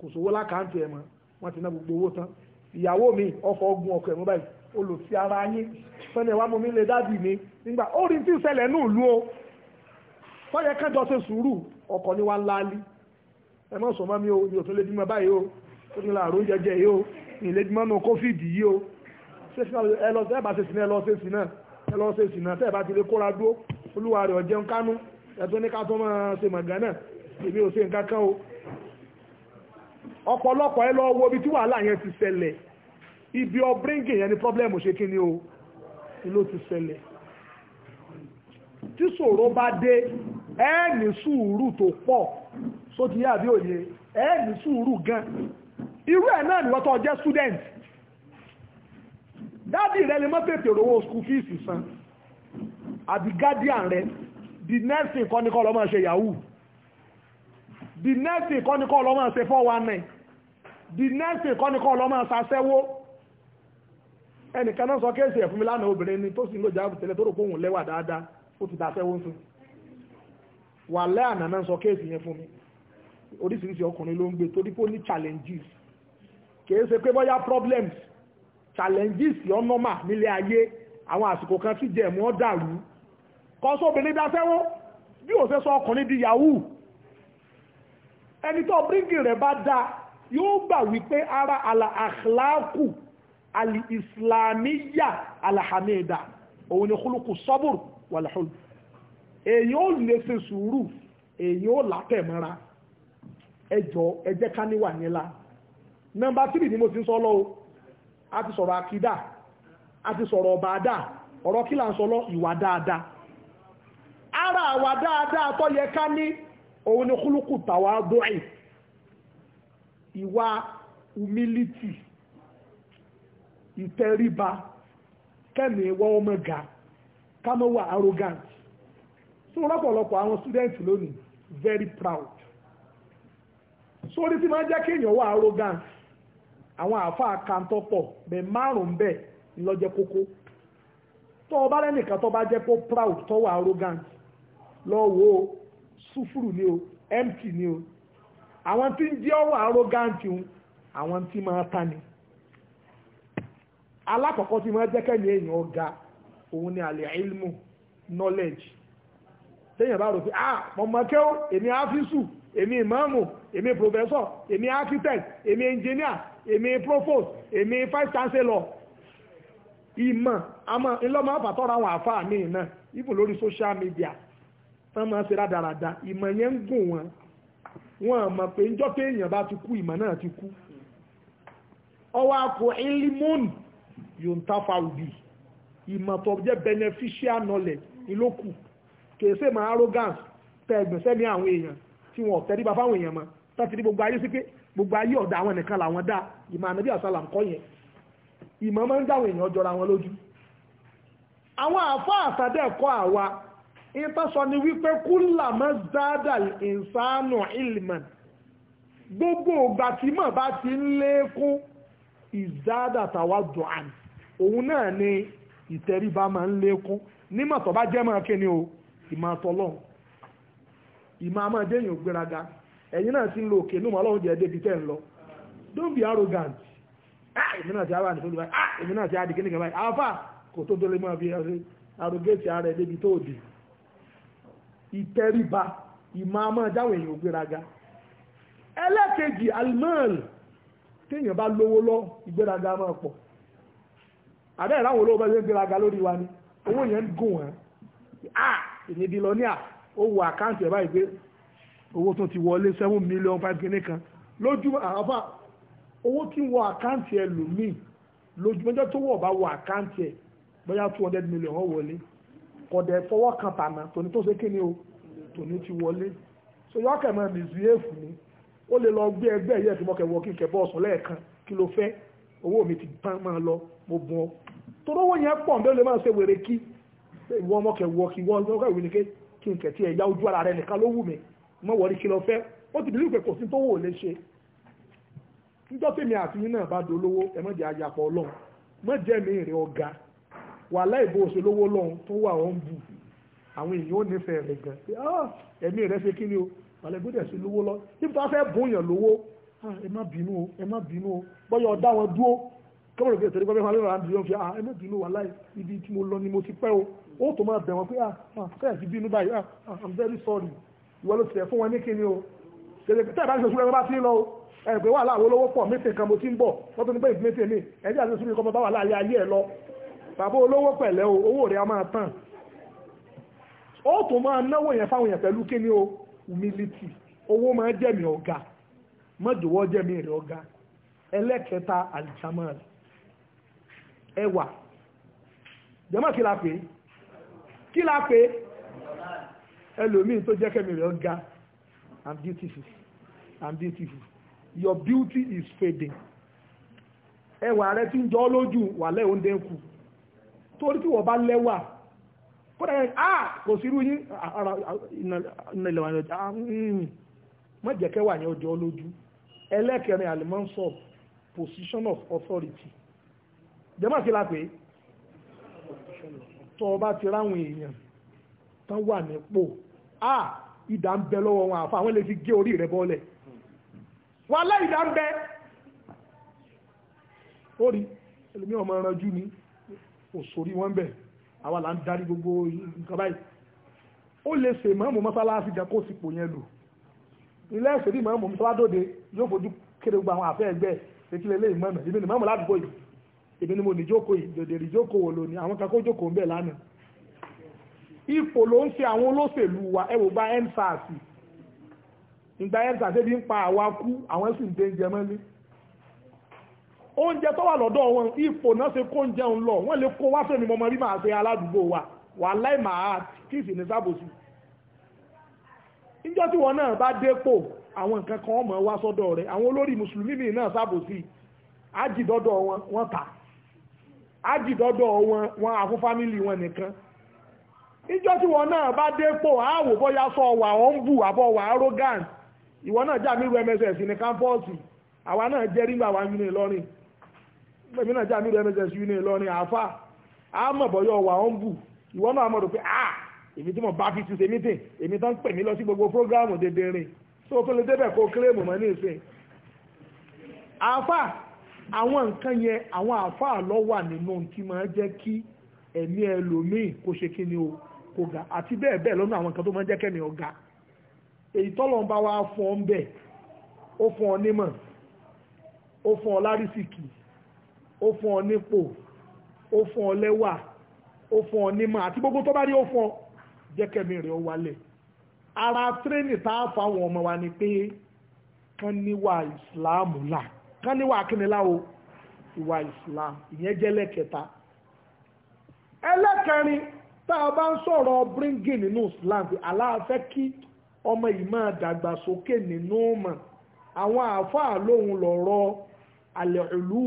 kò sówó lákàntì ẹ̀ mọ́ wọ́n ti ná gbogbo owó tán ìyàwó mi ọkọ̀ ogun ọkọ̀ ẹ̀mú báyìí olùsí ara yín fẹ́ni ẹ̀wá mú mi lè dábì mi nígbà ó rí tí ń ṣẹlẹ̀ ní ìlú o fọ́yẹ kẹjọ ṣe sùúrù ọkọ̀ ni wá láálí ẹ mọ̀ sọ mọ́ mi o mi ò tún lè bímọ báyìí o ó ní làárọ̀ jẹjẹ yìí o mi lè bímọ nù kófíìdì yìí o ẹ lọ sí ẹ bá ṣe sí náà ẹ lọ sí ẹ sí náà tẹ́ ẹ bá ti lè kóra dúró olúwa rẹ̀ ọ̀jẹun kánú ẹ̀tọ́ ní ká tó máa ṣe màgá náà èmi ò ṣe nǹkan kan o ọ̀pọ̀lọpọ̀ ẹ lọ wo ibi tí wàhálà yẹn ti ṣẹlẹ̀ ibi ọbríngì yẹn ni pọ́blẹ́mù ṣe kí ni o ló ti ṣẹlẹ̀ tí ṣòro bá dé ẹ ní sùúrù tó pọ̀ sóti yá àbí òye ẹ ní sùúrù gan irú ẹ̀ náà ni wọ́n tó jẹ́ student dádì rẹ lè mọ́ tètè school fees san àbí guardian rẹ the next thing kọ́ ní kọ́ lọ́mọ ṣe yahoo the next thing kọ́ ní kọ́ lọ́mọ ṣe 419 the next thing kọ́ ní kọ́ lọ́mọ ṣàṣẹ́wó ẹnìkan náà sọ kéèsì ẹ̀ fún mi lánàá obìnrin ni tó sì ń lò jáàbù tẹ́lẹ̀ tó rò pòun lẹ́wà dáadáa ó ti dàṣẹ́wó ń sìn wà lẹ́ àná náà sọ kéèsì yẹn fún mi oríṣiríṣi ọkùnrin ló ń gbé torí pé ó ní challenges kì í ṣe pé bóyá problems challenges yọ normal nílé ayé àwọn àsìkò kan ti jẹ̀mú ọ́ dàrú kọ́ sóbìnrin dáṣẹ́wó bí ò ṣe sọ ọkùnrin di yahoo ẹni tó bíríngì rẹ̀ bá dá yóò gbà wípé ara àlà àkìláàkù àlì ìsìlámíyà àlàhàmìdà òun ni kúlùkù sọ́bùrù wàlàhùn èyí ó lè ṣe sùúrù èyí ó látẹ̀mọ́ra ẹjọ́ ẹjẹ́ ká níwà yẹn la nọ́mbà tírì ni mo ti ń sọ lọ́wọ́ a ti sọ̀rọ̀ àkídà a ti sọ̀rọ̀ ọ̀bàdà ọ̀rọ̀ kí là ń sọ lọ ìwà dáadáa lára àwà dáadáa tó yẹ ká ní òun ni kúlùkù tàwà dùn ìwà humility ìtẹríba kẹ́mi ìwọ ọmọ ga kámọ́ arrogant tí wọ́n lọ́pọ̀lọpọ̀ àwọn students lónìí very proud sórí tí máa jẹ́ kéèyàn wà arrogant àwọn àáfàá kàńtọ́pọ̀ bẹ̀ márùn-ún bẹ̀ lọ́jẹ́ kókó tó o bá lẹ́nìkan bá jẹ́ kó proud tó arrogant lọ́wọ́ wo sùfúrù ni o mt ni o àwọn tí ń jẹ́ ọwọ́ arrogant ń àwọn tí máa ta ni alákọ̀ọ́kọ́ tí máa jẹ́kẹ́ ní èèyàn ọ̀gá òun ni àlè ilmu knowledge téèyàn bá rò pé ah mọ̀mọ́kẹ́ o èmi áfíìsù èmi ìmáàmù èmi professor èmi architect èmi engineer èmi provost èmi vice chancellor ìmọ̀ àmọ́ ńlọ́mọ́ àfàtọ́ra àwọn àfáà míì náà even lórí social media wọ́n máa ṣe rádaràda ìmọ̀ yẹn ń gùn wọn wọ́n mọ̀ pé njọ́ pé èèyàn bá ti kú ìmọ̀ náà ti kú ọwọ́ àpò ilimon yóò ń tafa òbí ìmọ̀ tó jẹ́ beneficial knowledge ìlókù kèsè máa arrogance tẹ ẹgbẹ̀sẹ̀ ní àwọn èèyàn tí wọ́n tẹríba fáwọn èèyàn mọ́ tàbí gbogbo ayé sí pé gbogbo ayé ọ̀dà àwọn nìkan làwọn dá ìmọ̀ ànábì àsálà ń kọ́ yẹn ìmọ̀ máa ń dáwọn èèyàn jọra wọn lójú àwọn àfáà àsàdẹ́ẹ̀kọ́ àwa ìtọ́sọ ni wípé kúlà mọ́ zádàl ìsánù ilman gbogbo ìgbà tí mọ̀ bá ti ń lékún ìzádàtàwà dùn òun náà ni ìtẹríba máa ń lékún nímọ̀ bá jẹ́ mọ́ kíni o ìmọ̀ àtọ́lọ́hún ìmọ̀ àmọ́ déyìn ògbéraga ẹ̀yin náà ti ń lo òkè númọ̀ ọlọ́run jẹ́ débi tẹ́ ń lọ don't be arrogant ah èmi náà ti ara nìkan báyìí ah èmi náà ti adìgínìkan báyìí àáfà kò tó dole ìtẹríba ìmọ̀ àmọ́ jáwé èèyàn ògbéraga ẹlẹ́kejì alimọ́ọ̀lù téèyàn bá lówó lọ ìgbéraga máa pọ̀ àbẹ́ ìráwọ̀ olówó bá ṣe ń gbéraga lórí wa ni owó yẹn ń gùn wọ́n à èmi di lọ ní à ó wo àkáǹtì ẹ̀ báyìí pé owó tó ti wọlé seven million five guinea kan lójúmọ́ àwọn owó tí ń wọ àkáǹtì ẹ̀ lòmíì lójúmọ́jọ́ tó wọ̀ bá wọ àkáǹtì ẹ̀ bóyá two hundred million ó wọlé kò dẹ̀ fọwọ́ kan tànà tòní tó ṣe kíni o tòní ti wọlé so yọ kẹ̀ máa bìzì èèfù ni ó lè lọ gbé ẹgbẹ́ yẹ̀ tí mo kẹ̀ wọ kí n kẹ̀ bọ́ ọ̀sán lẹ́ẹ̀kan kí ló fẹ́ owó mi ti tán máa lọ mo bùn ọ torí owó yẹn pọ̀ nbẹ́ ló máa ṣe wèrè kí ìwọ ọmọ kẹ̀ wọ kí wọ́n ọmọ kẹ̀ wí kí n kẹ̀ ẹ̀ yá ojú ara rẹ nìkan ló wù mí mo wọ̀rí kí ló fẹ́ ó ti bìlí pé sí tó wò lè ṣe níjọ́ tèmi àti yín náà bá dolówó ẹ mọ̀jẹ̀ àyàpọ̀ ọlọ́run mọ̀jẹ̀ mi ìrìn ọ̀gá wàhálà ìbò òṣèlówó lọ́hún tó wà ọ́n bù àwọn èèyàn ò nífẹ̀ẹ́ rẹ̀ gan ah, ẹ̀mí rẹ̀ ṣe kí ni o wàhálà ìbò dẹ̀ ṣe lówó lọ fẹ́ bùn yàn lówó ah, ẹ má bínú o ẹ má bínú o bọ́yọ̀ ọ̀dá wọn dúró kọ́mọ̀rọ̀ pé ìtẹ̀lẹ́gbẹ́ fún alẹ́rọ̀ àndìyàn fi ah ẹ̀mẹ́ bínú wà láì tí mo lọ ni mo ah, i'm very sorry olówó pọ̀ mẹ́tẹ̀ kan mo ti ń bọ̀ wọ́n tó ní pé ìdílé tèmi ẹ̀jẹ̀ àti sùúrù bá wà láàyè ayé ẹ̀ lọ bàbá olówó pẹ̀lẹ́ o owó rẹ̀ a máa tàn ó tún máa náwó yẹn fáwọn yẹn pẹ̀lú kíni o humility owó máa jẹ̀mí ọ̀gá mọ́jọ́wọ́ jẹ̀mí rẹ̀ ọ̀gá ẹlẹ́kẹta aljamal ẹwà jẹ́mọ́ kí la pè é kí la pè é ẹlòmíì tó jẹ́ kẹ́mi rẹ̀ ọ̀gá i'm beautiful i'm beautiful your beauty is fading ẹwà rẹ ti ń jọ lójú wàlẹ́ òun dẹ́kù torí tí wọ́n bá lẹ́wà kó dẹ̀ ah kò sí irú yín ah, ara ah, iná ilẹ̀ ah, hmm, wà ní ọjà wọ́n jẹ́ kẹwà ní ọjọ́ lójú ẹlẹ́kẹrin alimansop position of authority jẹ́mọ́ sí lápé tọ́ ọba ti ráwọn èèyàn tán wà nípò ah ìdá ń bẹ lọ́wọ́ wọn àfa àwọn ilé fi gé orí rẹ̀ bọ́ọ̀lẹ̀ wàhálà ìdá ń bẹ ó rí ẹlòmíràn ọmọ ẹranjú ni òṣòrí wọn bẹ̀ àwa là ń darí gbogbo nǹkan báyìí ó lè ṣe ìmáàmù mọ́sálásí jẹ́ kó sípò yẹn lò ilé ẹ̀sẹ̀ ní ìmáàmù mọ́sáládòde yóò fojú kéré gbogbo àwọn àfẹ́ ẹgbẹ́ ekele lé ìmọ̀nà èmi ni mọ́mù ládùúgbò yìí èmi ni mo ní jókòó yìí dòdèrè jókòó wò lónìí àwọn kan jókòó ń bẹ̀ lánàá ipò ló ń ṣe àwọn olóṣèlú wa ẹ wò bá nsars ìgbà nsars ebi ń pa àwa kú àwọn sì ń dé oúnjẹ tó wà lọ́dọ̀ wọn ipò náà ṣe kó oúnjẹ ń lọ wọn lè kó wá fẹ́mi mọ́mọ́ rí màá ṣe aládùúgbò wa wà láì màá kí sì ní sábòsí níjọ́ tí wọn náà bá dépò àwọn nǹkan kan ọmọ wá sọ́dọ̀ rẹ̀ àwọn olórí mùsùlùmí mi náà sábòsí ájìdọ́dọ̀ wọn wọ́n tà ájìdọ́dọ̀ wọn wọn àfún fámìlì wọn nìkan níjọ́ tí wọn náà bá dépò àwò bóyá sọ wà ọ́ ń bù àbọ̀ wà arrogant ìwọ náà jà mí mss ní kámpọ́ọ̀sì àwa náà jẹ́ rí pẹ̀mí náà jẹ́ àmìlẹ̀ mss uni lọ́rin àáfà àmọ̀bọ̀yọ̀ wà ń bù ìwọ náà mọ̀ rò pé à ah, èmi tí mo bá fi ti ṣe mítìn èmi tán pẹ̀mí lọ sí gbogbo prógráàmù dédé rìn tó tó lè débẹ̀ kó kílèmù mọ́ ní ìsìn àáfà àwọn nǹkan yẹn àwọn àáfà lọ wà nínú tí máa jẹ́ kí ẹ̀mí ẹlòmíì kó ṣe kí ni o kò ga àti bẹ́ẹ̀ bẹ́ẹ̀ lọ́nà àwọn nǹkan tó máa jẹ́ kẹ́mi ọ̀gá èyí tọ́lọ̀ ń bá wa fún ọ ń bẹ̀ ó fún ọ nímọ̀ ó fún ọ lárísìkì ó fún ọ nípò ó fún ọ lẹ́wà ó fún ọ nímọ̀ àti gbogbo tó bá rí ó fún ọ jẹ́kẹ̀mí rẹ̀ ó wálẹ̀ ara tírénì tá a fáwọn ọmọ wa ni pé kán níwà ìsìláàmù là kán níwà akínilá o ìwà ìsìláàmù ìyẹn jẹ́ lẹ́kẹta ẹlẹ́kẹrin tá a bá ń sọ̀rọ̀ nínú islam aláàfẹ́ kí ọmọ yìí máa dàgbà sókè nínú mọ̀ àwọn àáfàá lòun lọ̀rọ̀ alẹ́ ìlú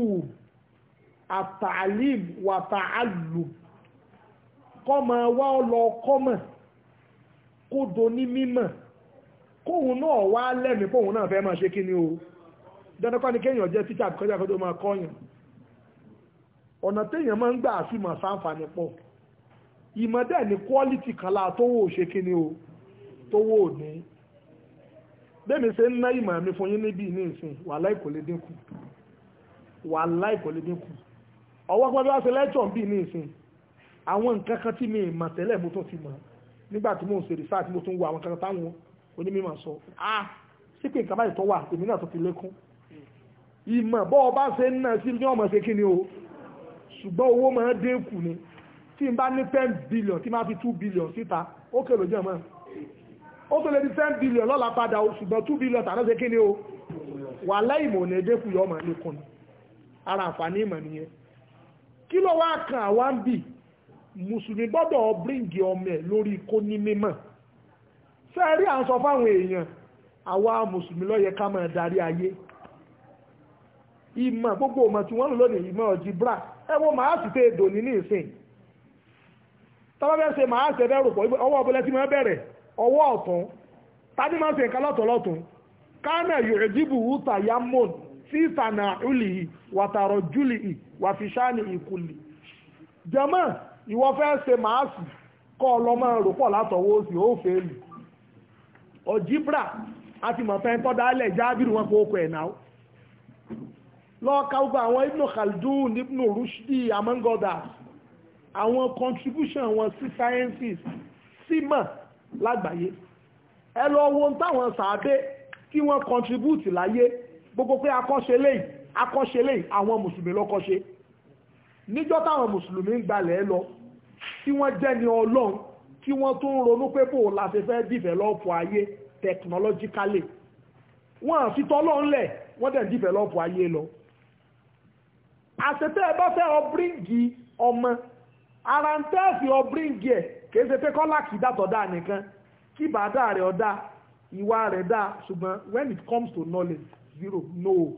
àtàlìm wàtàálù kọ́mọ wá ọlọ kọ́mọ kó do ní mímọ̀ kóhun náà wá lẹ́mí kóhun náà fẹ́ máa ṣe kí ni o dandankan ni kéèyàn jẹ́ títà kọjá kọjá máa kọ́yàn ọ̀nà téèyàn máa ń gbà sí mà sáǹfààní pọ̀ ìmọ̀dẹ́ ní quality kala láà tó wò ṣe kí ni o tó wò ní bẹ́ẹ̀mi ṣe ń ná ìmọ̀ mi fún yín níbi ní ìsìn wàláì kò lè ọwọ́ pẹ́lú wá sí lẹ́tọ̀ bí ní ìsìn àwọn nǹkan kan tí mi mọ̀ tẹ́lẹ̀ mo tún ti mọ̀ nígbà tí mo ń ṣe research mo tún wo àwọn kankan táwọn onímọ̀ sọ ah sí pé nǹkan báyìí tó wà èmi náà tó fi lékún ìmọ̀ bọ́ ọba ṣe ń náà sí ọmọ ṣe kí ni o ṣùgbọ́n owó máa ń dínkù ni tí n bá ní ten billion tí máa fi two billion síta ó kèrò jẹ́ mọ́ ó tó lè di ten billion lọ́la padà o ṣùgbọ́n two billion tàná ṣe kí ni o wà láìmọ̀ ní ẹ̀dẹ́kù yọ ọmọ lékún ara àǹfààní ìmọ̀ nìyẹn kí ló wá kan àwa ń bì mùsùlùmí gbọ́dọ̀ bíríǹgì ọmọ ẹ̀ lórí kó ní mímọ̀ sẹ́ẹ̀rí à ń sọ fáwọn èèyàn àwa mùsùlùmí ló yẹ ká máa darí ayé ìmọ̀ gbogbo ọmọ tí wọ́n lò lónìí ìmọ̀ ọ̀jìbra ẹ wo màá sì tẹ́ èdò ní nísìn tọ́lọ́fẹ́ ṣe màá ṣe bẹ́rù pọ̀ ọwọ́ fi sànà ìlìhì wàtàrọ̀ júlìhì wàfíṣàní ìkùlì jẹ́mọ́ ìwọ fẹ́ ṣe màásì kọ́ ọlọ́mọ rò pọ̀ látọwọ́ òsì ó fèèlì ọ̀jíbrà àti mọ̀fẹ́ tọ́dá alẹ̀ jábìrì wọn kó kọ ẹ̀ náà lọ́ọ̀ká gbogbo àwọn ibnu khaldun ibnu rushdi among others àwọn contribution wọn sí sciences símọ̀ lágbàáyé ẹ lọ wo kí wọ́n contribute láyé gbogbo pé akọ́ṣe lẹ́yìn akọ́ṣe lẹ́yìn àwọn mùsùlùmí lọ́kọ́ṣe níjọ́ táwọn mùsùlùmí ń gbalẹ̀ lọ tí wọ́n jẹ́ ní ọlọ́run tí wọ́n tún ronú pé bò la ṣe fẹ́ dìfẹ́lọ́pù ayé technologically wọ́n àfi tọ́lọ́run lẹ̀ wọ́n dẹ̀ dìfẹ́lọ́pù ayé lọ àṣetẹ́ ẹ bá fẹ́ ọbríǹgì ọmọ ara ń tẹ́ẹ̀sì ọbríǹgì ẹ̀ kìí ṣe pé kọ́lá kìí dàtọ̀ dáa nìkan kí bàdá rẹ̀ ọ̀dá ìwà rẹ̀ dáa ṣùgbọ́n when it comes to knowledge zero no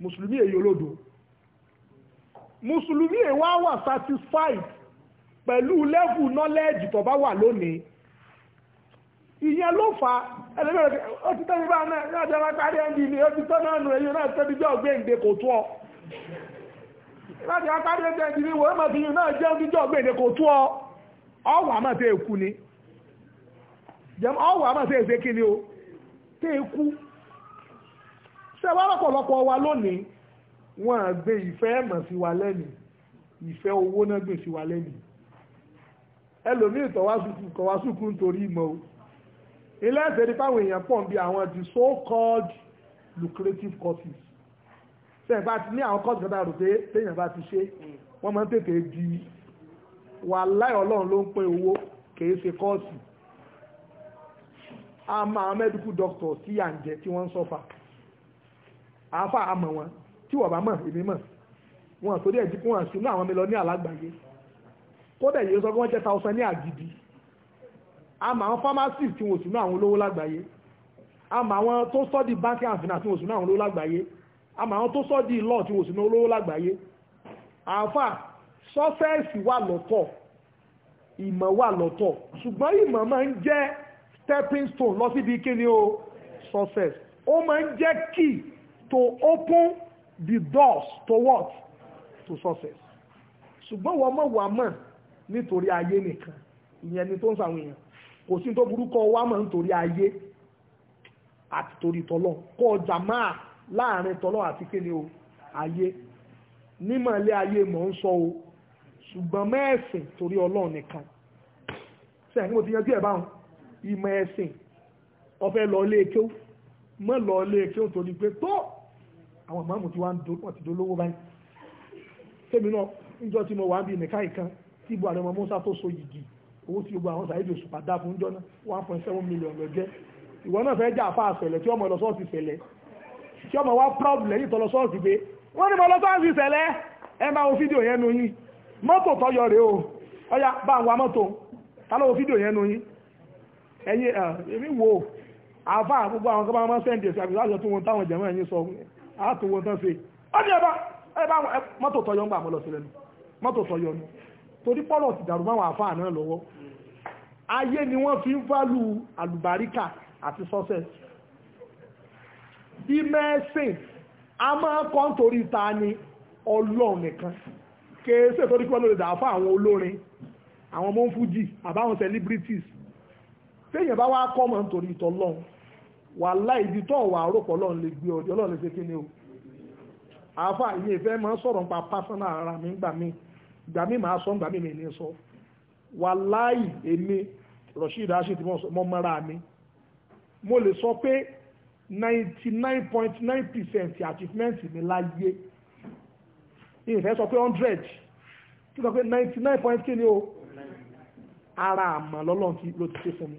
mùsùlùmí èyí olódo mùsùlùmí èyí wá wà satisfied pẹ̀lú lẹ́fù nọ́lẹ́ẹ̀jì tó bá wà lónìí ìyẹn ló fa ẹlẹ́gbẹ̀rẹ̀ ó ti tẹ́lẹ̀ bá náà ní ọjọ́ lápárí ẹ̀ndì ni ó ti tọ́ náà nù ẹ̀yìn náà tẹ́bi jọ́ gbẹ̀ǹde kò tó ọ láti lápárí ẹ̀ndì ni wọ́n máa fi yìí náà jẹ́ ojú jọ́ gbẹ̀ǹde kò tó ọ ọwọ́ àmọ́ tẹ́ ẹ̀kú ni ọwọ́ àmọ́ tẹ́ ẹ̀ṣẹ́ kí ni o tẹ́ ẹ̀kú ṣe wá lọ́pọ̀lọpọ̀ wa lónìí wọ́n á gbé ìfẹ́ ẹ̀mọ̀ sí wa lẹ́nu ìfẹ́ owó náà gbé sí wa lẹ́nu ẹlòmíì tọ́wá sùkú kọ́wá sùkú nítorí ìmọ̀ o ilé ẹ̀sẹ̀ ní fáwọn èèyàn pọ̀ bí àwọn ti so called lucrative courses sẹ́yìn bá ti ní àwọn courses kọ́tà rò pé téèyàn bá ti ṣe wọ́n máa ń tètè di wàláì ọlọ́run ló ń pín owó kìí ṣe kọ́ọ̀sì a máa medical doctor sí à ń jẹ tí wọ́n ń sọ́fà. So àáfà àmọ̀ wọn tí wọ́n bá mọ̀ èmi mọ̀ wọn torí ẹ̀jí kí wọ́n sínú àwọn mílíọ̀nù alágbàáyé kódà yìí sọ pé wọ́n jẹ́ tàùsàn ní àgìdì àmọ́ àwọn pharmacist tí wọ́n sínú àwọn olówó lágbàáyé àmọ́ àwọn tó sọ́dí banking and finance tí wọ́n sínú àwọn olówó lágbàáyé àmọ́ àwọn tó sọ́dí law tí wọ́n sínú olówó lágbàáyé àáfà sọ́fẹ́ẹ̀sì wà lọ́tọ̀ ìmọ̀ wà lọ́tọ̀ ṣùgbọ́n ìmọ̀ máa ń jẹ́ stepping stone lọ síbi kí ni o success ó máa ń jẹ́ key to open the doors to what to success ṣùgbọ́n wọ́n mọ̀ wà mọ̀ nítorí ayé nìkan ìyẹn ni tó ń sàwọn èèyàn kò sí tó burúkọ wà mọ̀ nítorí ayé àti torí tọ́lọ́ kọ́ ọjà máa láàrin tọ́lọ́ àti kéde o ayé nímọ̀ ilé ayé mọ̀ ń sọ o ṣùgbọ́n mẹ́ẹ̀sìn torí ọlọ́run nìkan sẹ́yìn mo ti yanjú ẹ̀ báwọn ìmọ̀ ẹ̀sìn ọ̀fẹ́ lọ ilé kéw mọ́ lọ ilé kéw torí pé tó àwọn ìmáàmù tí wọ́n ti dolówó báyìí sẹ́mi náà níjọ́ tí mo wà ń bí nìka ìkan tí ibo àrẹ̀mọ musa tó so yìgì owó tí gbogbo àwọn sàyẹ́dì òṣùpá dá fún jọ́nà one point seven million lọ jẹ́ ìwọ náà fẹ́ jà fà sẹ̀lẹ̀ tí ọmọ lọ sọ́ọ̀sì tí ọmọ wa problem lẹ́yìn tọ́lọ sọ́ọ̀sì pé wọ́n ní mo lọ sọ́ọ̀sì sẹ̀lẹ̀ ẹ máa wo fídíò yẹn nu yín mọ́tò tọ́yọ rèé o ọya bá ń wa mọ́tò ta ló wo fídíò yẹn nu yín ẹ̀yin èmi wo àáfà gbogbo àwọn kọ́ bá wọn sẹ́ǹdì ẹ̀sìn àbí láti ọtún wọn táwọn jẹ̀mọ́ ẹ̀yin sọ àtòwọ́ tán ṣe ó ní ẹ̀bá ẹ̀bá mọ́tò tọyọ ń gbà mọ́ lọ sí lẹ́nu mọ́tò tọyọ ni torí pọ́lọ̀ ti dàrú máwọn àfáà náà lọ́wọ́ ayé ni wọ́n fi ń fálù àlùbáríkà àti success bí mẹ́sìn a máa kọ́ nítorí ta ni ọlọ́run nìkan kéèsè torí pé ọlọ́run dà fún àwọn olórin àwọn ọmọ fújì àbáwọn celebrities téèyàn bá wá kọ́ mọ́ nítorí ìtọ́lọ́run wàláhì ibi tó wà àròpọ̀ ọlọ́run lè gbé ọjọ́ ọlọ́run lè ṣe kí ni o àáfà ìyẹn ìfẹ́ máa ń sọ̀rọ̀ nípa pásánà ara mi gbà mí gbà mí màá sọ gbà mí mi ní sọ wàláhì èmi Rasheed Rashid mo mọ́ra mi mo lè sọ pé ninety nine point nine percent achievement mi láyé ìfẹ́ sọ pé hundred kí sọ pé ninety ara àmà lọ́lọ́run ló ti ṣe fún mi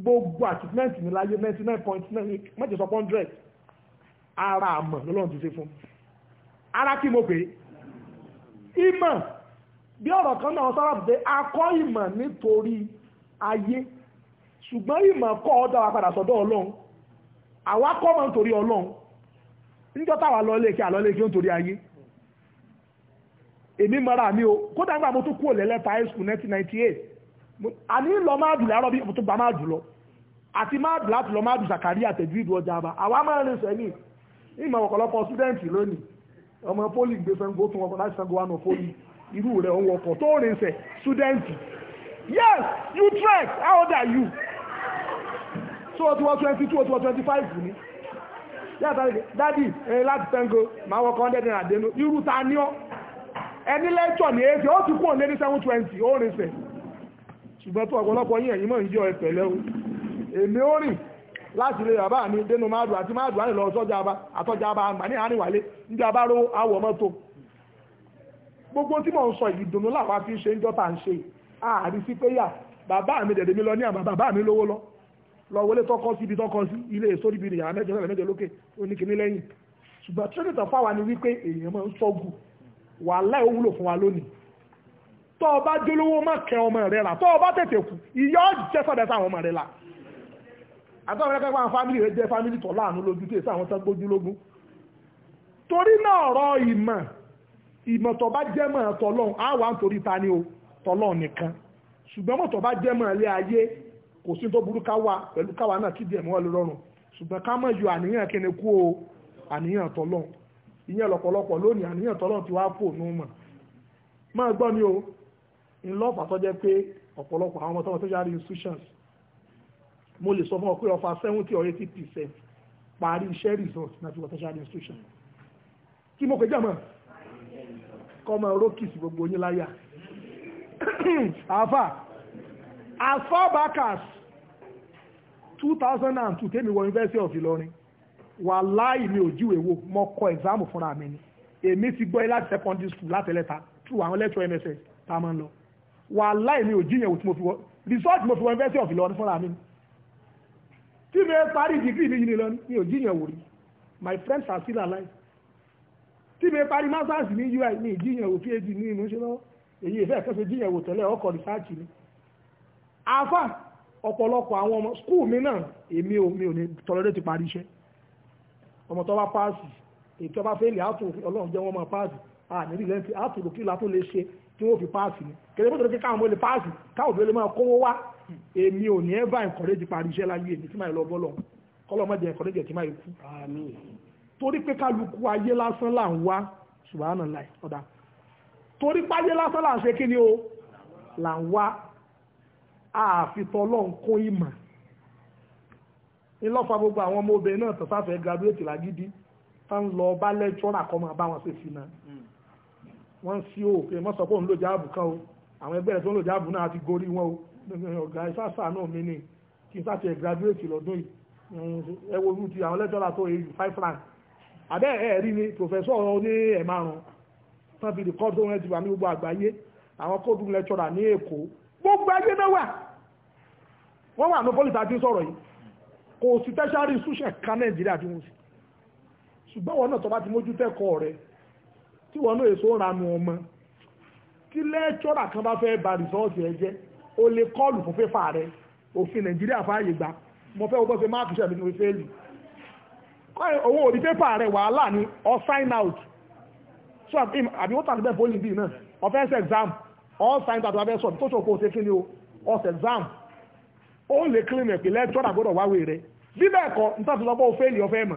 gbogbo achievement mi láyé ninety nine point nine mẹ́jọ sọ hundred ara àmọ̀ lọ́lọ́run ti ṣe fún ara kí mo pè é ìmọ̀ bí ọ̀rọ̀ kan náà sọ́rọ̀ pé a kọ́ ìmọ̀ nítorí ayé ṣùgbọ́n ìmọ̀ kọ́ ọ́ dá wa padà sọ́dọ̀ ọlọ́run àwa kọ́ mọ̀ nítorí ọlọ́run níjọ́ táwa lọ lé kí àlọ́ lé kí ó nítorí ayé èmi mọ́ra mi o kódà nígbà mo tún kúrò lẹ́lẹ́ta high school nineteen àní lọ máa dùn láàárọ̀ bí tó gba máa dùn lọ àti máa dùn láti lọ máa dùn sàkàrí àtẹ̀jú ìdú ọjà àbá àwa máa rìn sẹ́yìn ìmọ̀ ọ̀pọ̀lọpọ̀ sídẹ́ǹtì lónìí ọmọ pólì gbé sango tún ọkọ̀ láti sango wánà pólì irú rẹ̀ ń wọkọ̀ yes you trek how old are you so o ti wọ twenty two o ti wọ twenty five ni yàtọ̀ dadi ẹ láti sango máa wọkọ̀ hundred naira dénú irú ta ni ọ ẹni lẹ́tọ̀ ní èsì ó ti kú ní seven ó rìn ṣùgbọ́n tó ọ̀pọ̀lọpọ̀ yín ẹ̀yin mọ̀ ń jọ ẹ̀pẹ̀lẹ́ o èmi ó rìn láti lè bàbá mi dénú máàdùn àti máàdùn á lọ àgbà ní àárín wálé níbi abáró mọ́tò gbogbo tí mò ń sọ ìdùnnú làwọn fi ń ṣe ń jọta ń ṣe ààrí sí pé yà bàbá mi dẹ̀dẹ̀ mi lọ ní àmà bàbá mi lówó lọ lọ wọlé tọkọ sí ibi tọkọ sí ilé èso lókè tí ó tọ́ ọba jólówó má kẹ ọmọ rẹ là tọ́ ọba tètè kù ìyá ọ̀jẹ́ sọ̀dẹ̀ sáwọn ọmọ rẹ là àtọ́ ọ̀rẹ́ kẹ́kọ̀ọ́ fámìlì rẹ jẹ́ fámìlì tọ̀ láàánú lójú tí èsì àwọn tó gbójú lógún torí náà ọ̀rọ̀ ìmọ̀ ìmọ̀ tó bá jẹ́ mọ̀ tọ́lọ́n á wà nítorí ta ni o tọ́lọ́n nìkan ṣùgbọ́n mọ̀ tó bá jẹ́ mọ̀ ilé ayé kò sí tó burú káwa pẹ̀lú káwa náà kí dẹ̀mú ọ̀lẹ́ rọrùn ṣùgbọ́n ká mọ̀ yọ àníyàn kíni kú o àníyàn tọ́lọ́n ìyẹn lọ́pọ̀lọpọ̀ lónìí àníyàn tọ́lọ́n ti wá fò nù mọ̀ máa gbọ́ ni o ńlọ́fà tó jẹ́ pé ọ̀pọ̀lọpọ̀ àwọn ọmọ tó wọ́n tó yára institutions mo lè sọ fún ọ pé ọfà seventy or 80 percent parí iṣẹ́ results náà fi wọ́n tó yára institution kí mo pèjọ́ mọ̀ kọ́ mọ̀ rókìsì gbogbo yín láyà àfà as far back as two thousand tèmi wọ University of Ilorin wàláì mi ò jíwèé wò mo kọ exam fúnra mi ni èmi ti gbọ́ ẹ láti secondary school látẹ̀lẹ́ta through àwọn lecture MSS tá a máa ń lọ wàláhì mi ò jíyàn wò tí mo fi wọ́n result mo fi wọ́n university of Ìlọrin fúnra mi tí mi parí degree mi yìí ni lọ́ni mi ò jíyàn wò rí my friends are still alive tí mi parí masters ní UI mi jíyàn wò PhD ní ìmú ṣe lọ́wọ́ èyí ìfẹ́ kẹsẹ̀ jíyàn wò tẹ́lẹ̀ ọkọ̀ research ni afa ọ̀pọ̀lọpọ̀ àwọn ọmọ school mi náà èmi ò mi ò ní tọ́lọ́dé ti parí iṣẹ́ ọmọ tó bá páàsì ètò ọba fẹ́ẹ̀lì àtò ọlọ́run jẹ́ wọn máa páàsì àmì rí lẹ́ńtì àtò lòkìlà tó lè ṣe tí wọ́n fi páàsì ni kẹlẹ́ fún tòlókè káwọn olè páàsì káwọn òbí olè máa kówó wá èmi ò ní ẹ bá encourage parí iṣẹ́ láyé èmi tí máa lọ bọ́ lọ́hùn kọ́lọ́ mọ́jẹ encourage tí máa kú. torí pé kálukú ayé lásán là ń wá ṣùgbọ́n láì ọ̀dà torí páyé lásán là ń ṣe kí ni o là ń wá àfitọ́ ọlọ́run kún ìmọ̀ ńlọ́fà gbogbo àwọn ọmọ obìnrin náà tó graduate lágídí tá lọ bá lẹ́jọ́ wọ́n sí o pé mọ́ sọ pé òun ló jáàbù kan o àwọn ẹgbẹ́ rẹ̀ tó ń lò jáàbù náà ti gorí wọn o ọ̀gá ìfàsà náà mi ni kí n sáti ẹ̀ graduate lọ́dún yìí ẹ wo irú ti àwọn lẹ́tọ́lá tó èyí five franc àbẹ́ ẹ̀ rí ni professor ní ẹ̀ márùn-ún tán fi rìkọ́dù wọn ti wà ní gbogbo àgbáyé àwọn kóòdù lecturer ní èkó gbogbo ayé náà wà wọ́n wà ní pólítà tí ń sọ̀rọ̀ yìí kò sí tẹ́sàrí ìsúṣẹ̀ kan nàìjíríà tí wọ́n sì ṣùgbọ́n tí wọ́n náà èso ranu ọmọ tí lẹ́ẹ̀tọ́rà kan bá fẹ́ ba rìsọ́ọ̀sì ẹ o lè kọ́ọ̀lù fún fífà rẹ òfin nàìjíríà fààyè gbà mo fẹ́ wọ́pọ̀ sí máàkì ṣàbí ní fẹ́ẹ̀lì òun ò ní pépà rẹ wàhálà ni ọ sign out so àbí wọ́n tàbí bẹ́ẹ̀ fóòlì bíi náà ọ̀fẹ́ exam all sign out abẹ́ sọ tó ṣòkó ṣe kí ni o ọ̀sẹ̀ exam ó lè clean ẹ̀ lẹ́ẹ̀tọ́rà gbọ́dọ̀ wáwé rẹ nítorí fẹ́ẹ̀lì ọ̀fẹ́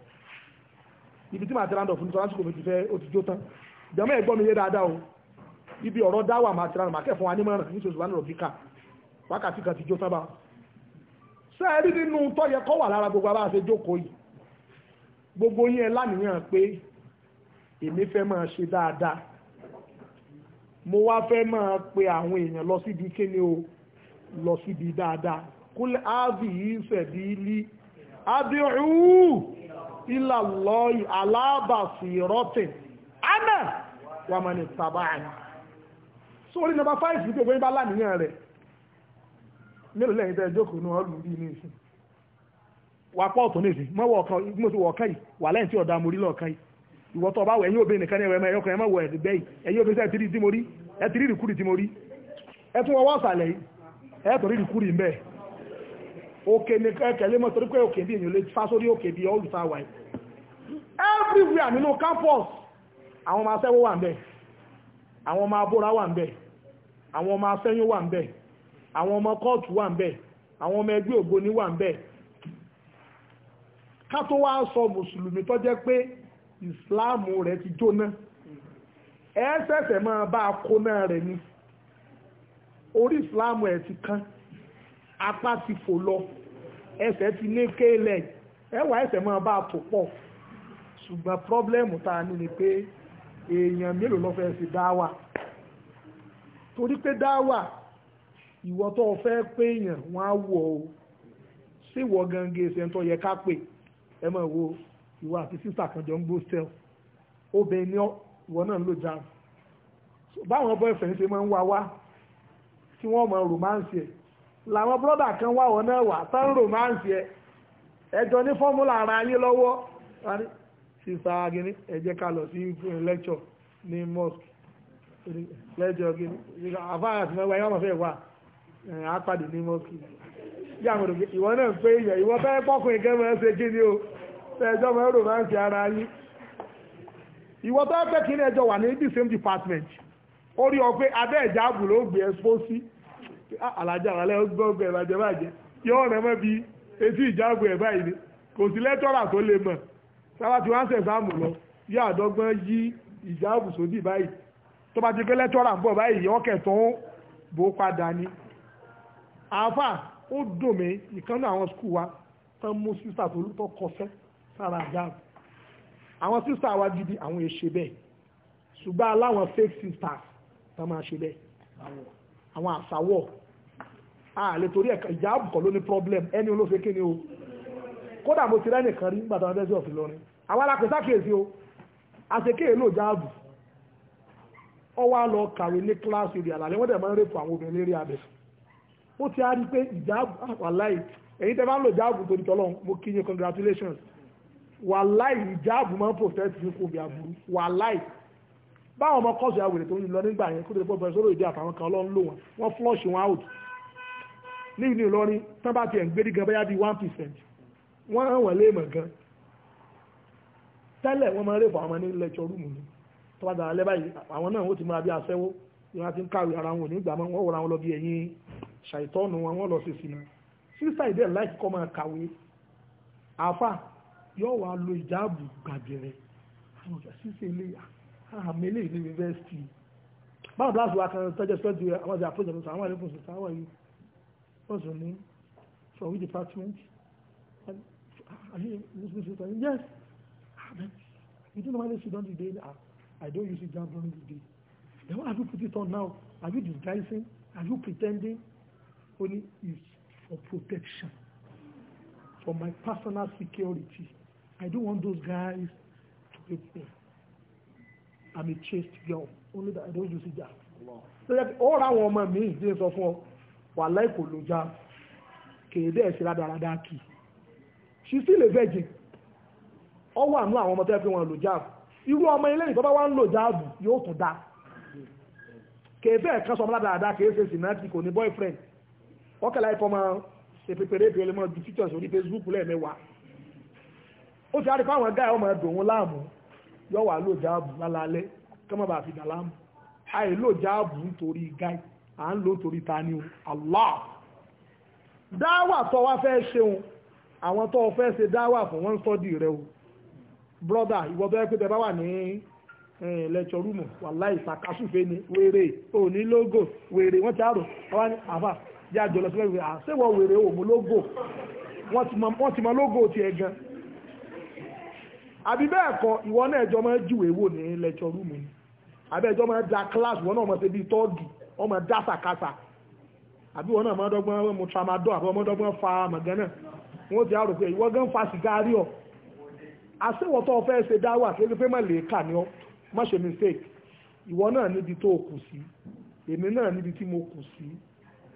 ibi tí màá ti rándọ̀ fún mi tọ́lásìkò mi fẹ́ ó tán jẹ́mọ́ ẹ̀gbọ́n mi yé dáadáa o ibi ọ̀rọ̀ dáwà màá ti rándọ̀ màá kẹ́fọ́n wa ní mọ́ràn níṣẹ́ òṣùwà nìrọ̀ bíkà wákàtí kan ti jó tán bá sẹ́ẹ̀rí nínú tọ́yẹ kọ́ wà lára gbogbo abáṣe jókòó yìí gbogbo yín ẹ lánìyàn pé èmi fẹ́ máa ṣe dáadáa mo wá fẹ́ máa pe àwọn èèyàn lọ síbi kíni o lọ síbi dáadáa kúlẹ̀ ábì yìí sẹ̀dí lí ádìrú ila lọ́ọ̀yì aláàbàsì rọ́tìn ana wàmọ̀nì tàbáàní sórí nọ́mbà fáìsì ní pé bá láníyàn rẹ̀ mélòó lẹ́yìn tẹ́ jókòó náà lù bí ní ìsìn wà pọ̀ tó nìsín mọ́ wọ̀ ọ̀kan mo ti wọ̀ ọ̀kan yìí wà lẹ́yìn tí ọ̀dà morí lọ́ọ̀kan yìí ìwọ tó bá wọ ẹ̀yìn obìnrin nìkan ní ẹ̀wẹ̀ ẹ̀yọkàn ẹ̀mọ̀ wọ ẹ̀dùgbẹ́ yìí ẹ̀yìn obìnrin sẹ́ẹ̀ tìrì tí mo òkè ní ẹkẹ̀lẹ́ mọ́ torí pé òkè bí èyàn lè fá sórí òkè bí olùsáwà everywhere nínú campus àwọn ọmọ asẹ́wó wà ń bẹ̀ àwọn ọmọ abóra wà ń bẹ̀ àwọn ọmọ asẹ́yún wà ń bẹ̀ àwọn ọmọ kóòtù wà ń bẹ̀ àwọn ọmọ ẹgbẹ́ ògbóni wà ń bẹ̀ ká tó wá sọ mùsùlùmí tó jẹ́ pé ìsìláàmù rẹ̀ ti jóná ẹ ṣẹ̀ṣẹ̀ máa bá a kóná rẹ̀ ni orí ìsìláàmù ẹ̀ ti kán apá ti fò lọ ẹsẹ̀ ti lé kéèlẹ̀ ẹwà ẹsẹ̀ máa bá a tò pọ̀ ṣùgbọ́n pọ́blẹ́mù tá a ní ni pé èèyàn mélòó ló fẹ́ ṣe dáwà torí pé dáwà ìwọ tó o fẹ́ pé èèyàn wọ́n á wọ̀ o sí ìwọ gangan ṣe ń yẹ ká pè ẹ mọ̀ wo ìwọ àti sísà kan jọ ń gbó sẹ́l obìnrin ni ìwọ náà ń lò jáàmù báwọn boyfriend ṣe máa ń wá wá tí wọ́n mọ romance ẹ̀ làwọn brọ́dà kan wà wọ́n náà wà tán romance ẹ ẹjọ́ ní fọ́múlà ara yín lọ́wọ́ sísá gini ẹjẹ́ ká lọ sí eh, lecture ní mosque lẹ́jọ́ gini àfáà àti mẹ́wàá yọ́mọ̀ fẹ́ wà àpàdé eh, ní mosque bí àwọn òdòdó ìwọ náà ń pé èèyàn ìwọ fẹ́ pọ́kùnrin kẹ́mọ̀ ẹ́ ṣe kí ni o ẹjọ́ mọ́ romance ara yín ìwọ tó fẹ́ kí ni ẹjọ́ wà ní the same department ó rí ọ pé abẹ́ ìjáàbù ló gbé ẹ Ah, alájà alẹ́ gbọ́gbẹ́ ìbàjẹ́ bàjẹ́ yóò rẹ mọ́ bí etí ìjágbé ẹ̀ báyìí ni kò sí lẹ́tọ́rà tó lè mọ̀ sábà tí wọ́n ń sẹ̀sáàmù lọ yóò àdọ́gbọ́n yí ìjáàbù sódì báyìí tó bá ti pé lẹ́tọ́rà ń bọ̀ báyìí yọ́ kẹ̀tọ́ bó padà ni àáfà ó dùn mí ìkànnì àwọn skul wa tán mú sísà tó lútọ́ kọsẹ́ sára àjáàbù àwọn sísà wa gidi àwọn èṣe bẹ́ẹ̀ ṣùgbọ́n aláwọn fake sisters tán máa ṣe bẹ́ẹ̀ àwọn àṣàwọ̀ àlè torí ẹ̀ka ìjáàbù kọ́ ló ní problem ẹni olóṣè kí ni o kódà mo ti rẹ́ nìkan rí nígbà tó wọn fẹ́sẹ̀ ọ̀fìn lọ́rin àwọn alákòóso àkèésí o àṣekè èlò ìjáàbù ọwọ́ á lọ kàwé ní kíláàsì rí àlàlẹ́ wọ́n dẹ̀ máa ń rèpò àwọn obìnrin lérí abẹ ó ti á rí pé ìjáàbù àwàláì ah, èyí tẹ́ bá ń lò ìjáàbù tó ní tọ́lọ́ mo kí yín congratulations wàláì ìjáàbù máa ń protect yín kò bí aburú wàláì báwọn ọmọ kọ́ọ̀sì àwèrè tó ń lọ nígbà yẹn kó tó lè pọ̀ bẹ̀rẹ̀ sórí ìdí àtàwọn kan ọlọ́run lò wọ́n wọ́n flush wọn out ní ìlú Ìlọrin tán bá tiẹ̀ ń gbérí gan bóyá bíi one percent wọ́n hàn wọ́n léèmọ̀ gan tẹ́lẹ̀ wọ́n máa ń rèfọ́ àwọn ọmọ ní lẹ́tọ̀ rúùmù ni tó bá dára lẹ́bàá yìí àwọn náà ó ti múra bí aṣẹ́wó ni wọ́n ti ń kàwé ara wọn nígbà wọn wọ́n wọ́n ra wọn lọ bí ẹ̀yìn ṣàìtọ́nù wọn wọ́n lọ sí sinmi sísá ìdẹ́ láìsí kọ́ máa kàwé àáfà yóò wá lo ìjáàbù gbàgẹ̀rẹ̀ àwọn ọ̀gá sísè ilé ah, ah, àmì ilé ìlú yunifásitì báwọn bláàsì wa kan tọ́jú ẹ̀sọ́ di àwọn ọ̀dà àpòjọ̀lọ́sọ àwọn àlékún sísá wà yìí what's your name? From which department? And, are you Muslim sister? Yes. But ah, you don't know why they sit down today. I, ah, I don't use it down from today. Then why have you put it on now? Are you disguising? Are you pretending? Only it's for protection, for my personal security. I don't want those guys to hate there. I'm a chaste girl. Only that I don't use it down. So that all that woman means, this of all wàhálà èkó ló já kéde ẹ̀sìn rádaràdà kì she still a virgin ọ wà nú àwọn ọmọ tẹ́ fi wọn lò jáàbù irú ọmọ ilé ìtọ́ bá wá ń lò jáàbù yóò tún dá kéde ẹ̀ka sọmọ rádaràdà kì í ṣe sinati kò ní boyfriend ọkàlà ẹ̀kọ́ máa ṣe pépèrè bí olè máa ju pictures orí Facebook lẹ́ẹ̀mẹ́wàá ó ti àrífà àwọn gáà ọmọ ẹ̀dùn òun láàmú yọ wà lò jáàbù lálálẹ́ kọ́mọ́ bá à ń lò torí ta ni Allah dáwà tó wá fẹ́ ṣeun àwọn tó fẹ́ ṣe dáwà fún wọn sọ́dì rẹ o brọ́dà ìwọ bẹ́ẹ̀ pé tẹ́bá wà ní lẹ́tọ̀ rúmù wàláì ìsàkásùfẹ́ ni wèrè òní lógò wèrè wọ́n ti àrò àwọn ní àfà yá jọ lọ sí wèrè àṣẹwọ̀ wèrè òmù lógò wọ́n ti mọ lógò tiẹ̀ gan àbí bẹ́ẹ̀ kọ́ ìwọ náà ẹjọ́ máa júwèé wò ní lẹ́tọ̀ rúmù ni àbẹ́ẹ̀jọ́ máa da kíláàsì wọn náà mọ̀ sí bíi tọ́ọ̀gì ọmọ dásàkásà àbí wọn náà mọ́ dọ́gbọ́n mu tramadol àbí ọmọ dọ́gbọ́n fa mọ̀gánà wọ́n ti àrò pé ìwọ gan fa sìgárì ọ̀ àṣewọ̀tọ̀ ọ̀fẹ́ ṣe dáwà kéde pé má lè kà ní ọ má ṣe mistake ìwọ náà níbi tó kù sí èmi náà níbi tí mo kù sí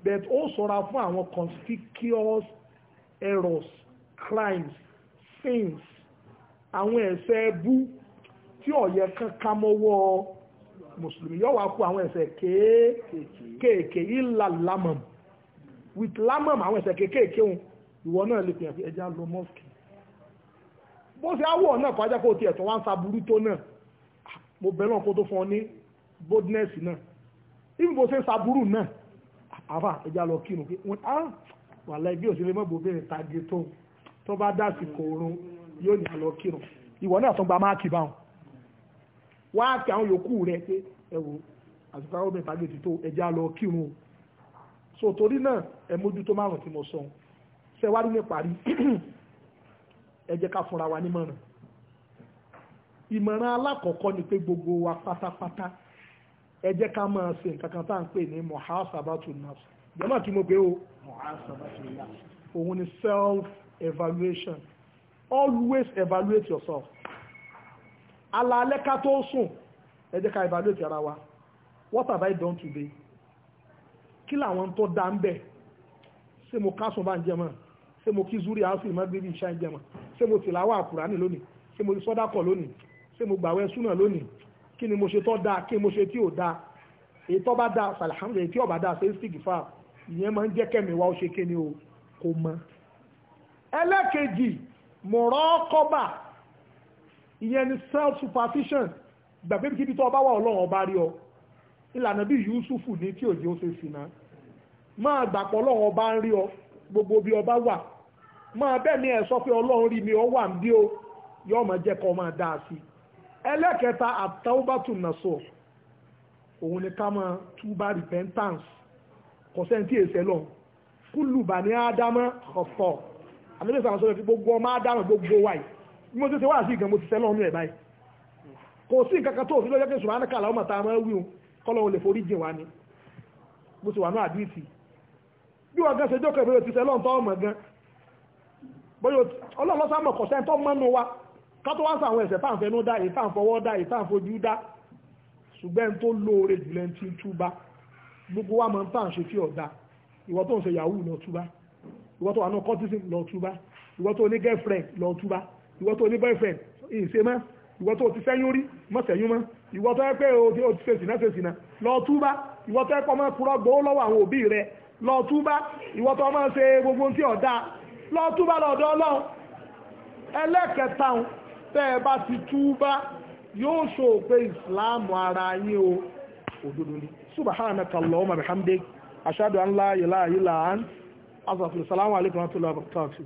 but ó ṣọ́ra fún àwọn conspicuous errors crimes sins àwọn ẹ̀ṣẹ̀ ẹbú tí ọ̀yẹ́ kan ká mọ́wọ́ mùsùlùmí yóò wá kú àwọn ẹ̀ṣẹ̀ kéékèèké ìlà lámàm with lámàm àwọn ẹ̀ṣẹ̀ kéékèèké òun ìwọ náà lè pè é ẹja lọ mọ́ọ̀kì bó ṣe áwọ̀ náà kọjá kó tiẹ̀ tó wá ń sa burú tó náà mo bẹ̀ náà kó tó fún ọ ní boldness náà ibi bó ṣe ń sa burú náà àfà ẹja lọ kírun pé wọn á ah, wà láì bí òṣèlú mọ́bò bẹ́ẹ̀ tagi tó tó bá dásìkò oorun yóò ní àlọ́ kírun ìwọ náà tó gba máàkì báwọn wá àti àwọn yòókù rẹ̀ pé ẹ àtúntà ọmọ ìtàgé ti tó ẹja lọ kírun so torí náà ẹ mójútó márùn tí mo sọ ṣe wá rí ní parí ẹ ká fúnra wa nímọ̀ràn ìmọ̀ràn alákọ̀ọ́kọ́ ni pé gbogbo wa pátápátá ẹ ká máa ṣe nǹkan tá à ń pè ní muhasabatu nafs jẹ́mọ̀ kí mo gbé o muhasabatu nafs òun ni self evaluation always evaluate yourself alaalẹ́ ká tó sùn ẹ jẹ́ ká ara wa what have I done today kí làwọn tó dá ń bẹ̀ ṣé mo ká sùn bá ń jẹ mọ́ mo kí zuri alfi magrebi ìṣá ń jẹ mọ́ mo tìláwà àkùránì lónìí Se mo sọ́dákọ̀ lónìí Se mo gbàwẹ̀ súnà lónìí kí ni mo ṣe tó dáa kí ni mo ṣe tí ò dáa èyí tó bá dáa sàlàmù èyí tí ò bá dáa ṣe é sì gìfà ìyẹn máa ń jẹ́ kẹ́mi wá ó ṣe kí ni o kò mọ́ ẹlẹ́kejì mọ̀rọ́ kọ́bà ìyẹn ni self supervision gbàgbé kíbi tó ọba wà ọlọ́run ọba rí ọ ìlànà bí Yusufu ní tí òjì ó ṣe sì náà máa gbàpọ̀ ọlọ́run ọba ń rí ọ gbogbo bí ọba wà máa bẹ́ẹ̀ ni ẹ̀ sọ pé ọlọ́run rí mi ọ wà ń bí o yọ ọmọ jẹ́ kọ́ máa dáa sí ẹlẹ́kẹta àtàwùbátù nàṣọ òun ni ká máa túbà repentance kọ̀sẹ́ntì èsẹ̀ lọ kúlù bà ní ádámọ́ ọ̀fọ̀ àmì mo ti ṣe wá sí ìgbà mo ti ṣe lọ́nu ẹ̀ báyìí kò sí nǹkan kan tó òfin lọ́jọ́ pé ṣùgbọ́n ànákàlà ọmọ tá a máa ń wíhun kọ́lọ́hún lè forí jìn wá ni mo ti wà ní àdíìsì bí wọ́n gan ṣe jókòó ìbéèrè ti ṣe lọ́n tó ọmọ gan bóyá ọlọ́run lọ́sàá mọ̀ kọ̀ṣẹ́ tó mọ́nu wa ká tó wá sí àwọn ẹ̀ṣẹ̀ táǹfẹ́ nú dá èyí táǹfọwọ́ dá èyí táǹfojú dá ṣùgbọ́n tó lóore jùlẹ̀ ti ń túbá gbogbo wa máa ń tàn ṣe tí ọ̀dà ìwọ tó ń ṣe yahoo lọ túbá ìwọ tó wà ní kọ́tísì lọ túbá ìwọ tó ní girlfriend lọ túbá ìwọ tó ní boyfriend ìṣe mọ́ ìwọ tó ti sẹ́yún rí mọ́ sẹ́yún mọ́ ìwọ tó yẹ pé o ti ṣe sìnà ṣe sìnà lọ túbá ìwọ tó yẹ pé ọmọ kúrọ gbowó lọ́wọ́ àwọn òbí rẹ lọ túbá ìwọ tó ọmọ ṣe gbogbo tí ọ̀dá lọ túbá lọ́dọ̀ ọlọ́run ẹlẹ́kẹta tẹ́ ẹ bá ti túbá yóò ṣò pé ìsìláàmù ara yín o òdodo ni subhanaka allahumma bihamdik ashhadu an la ilaha illa ant astaghfiruka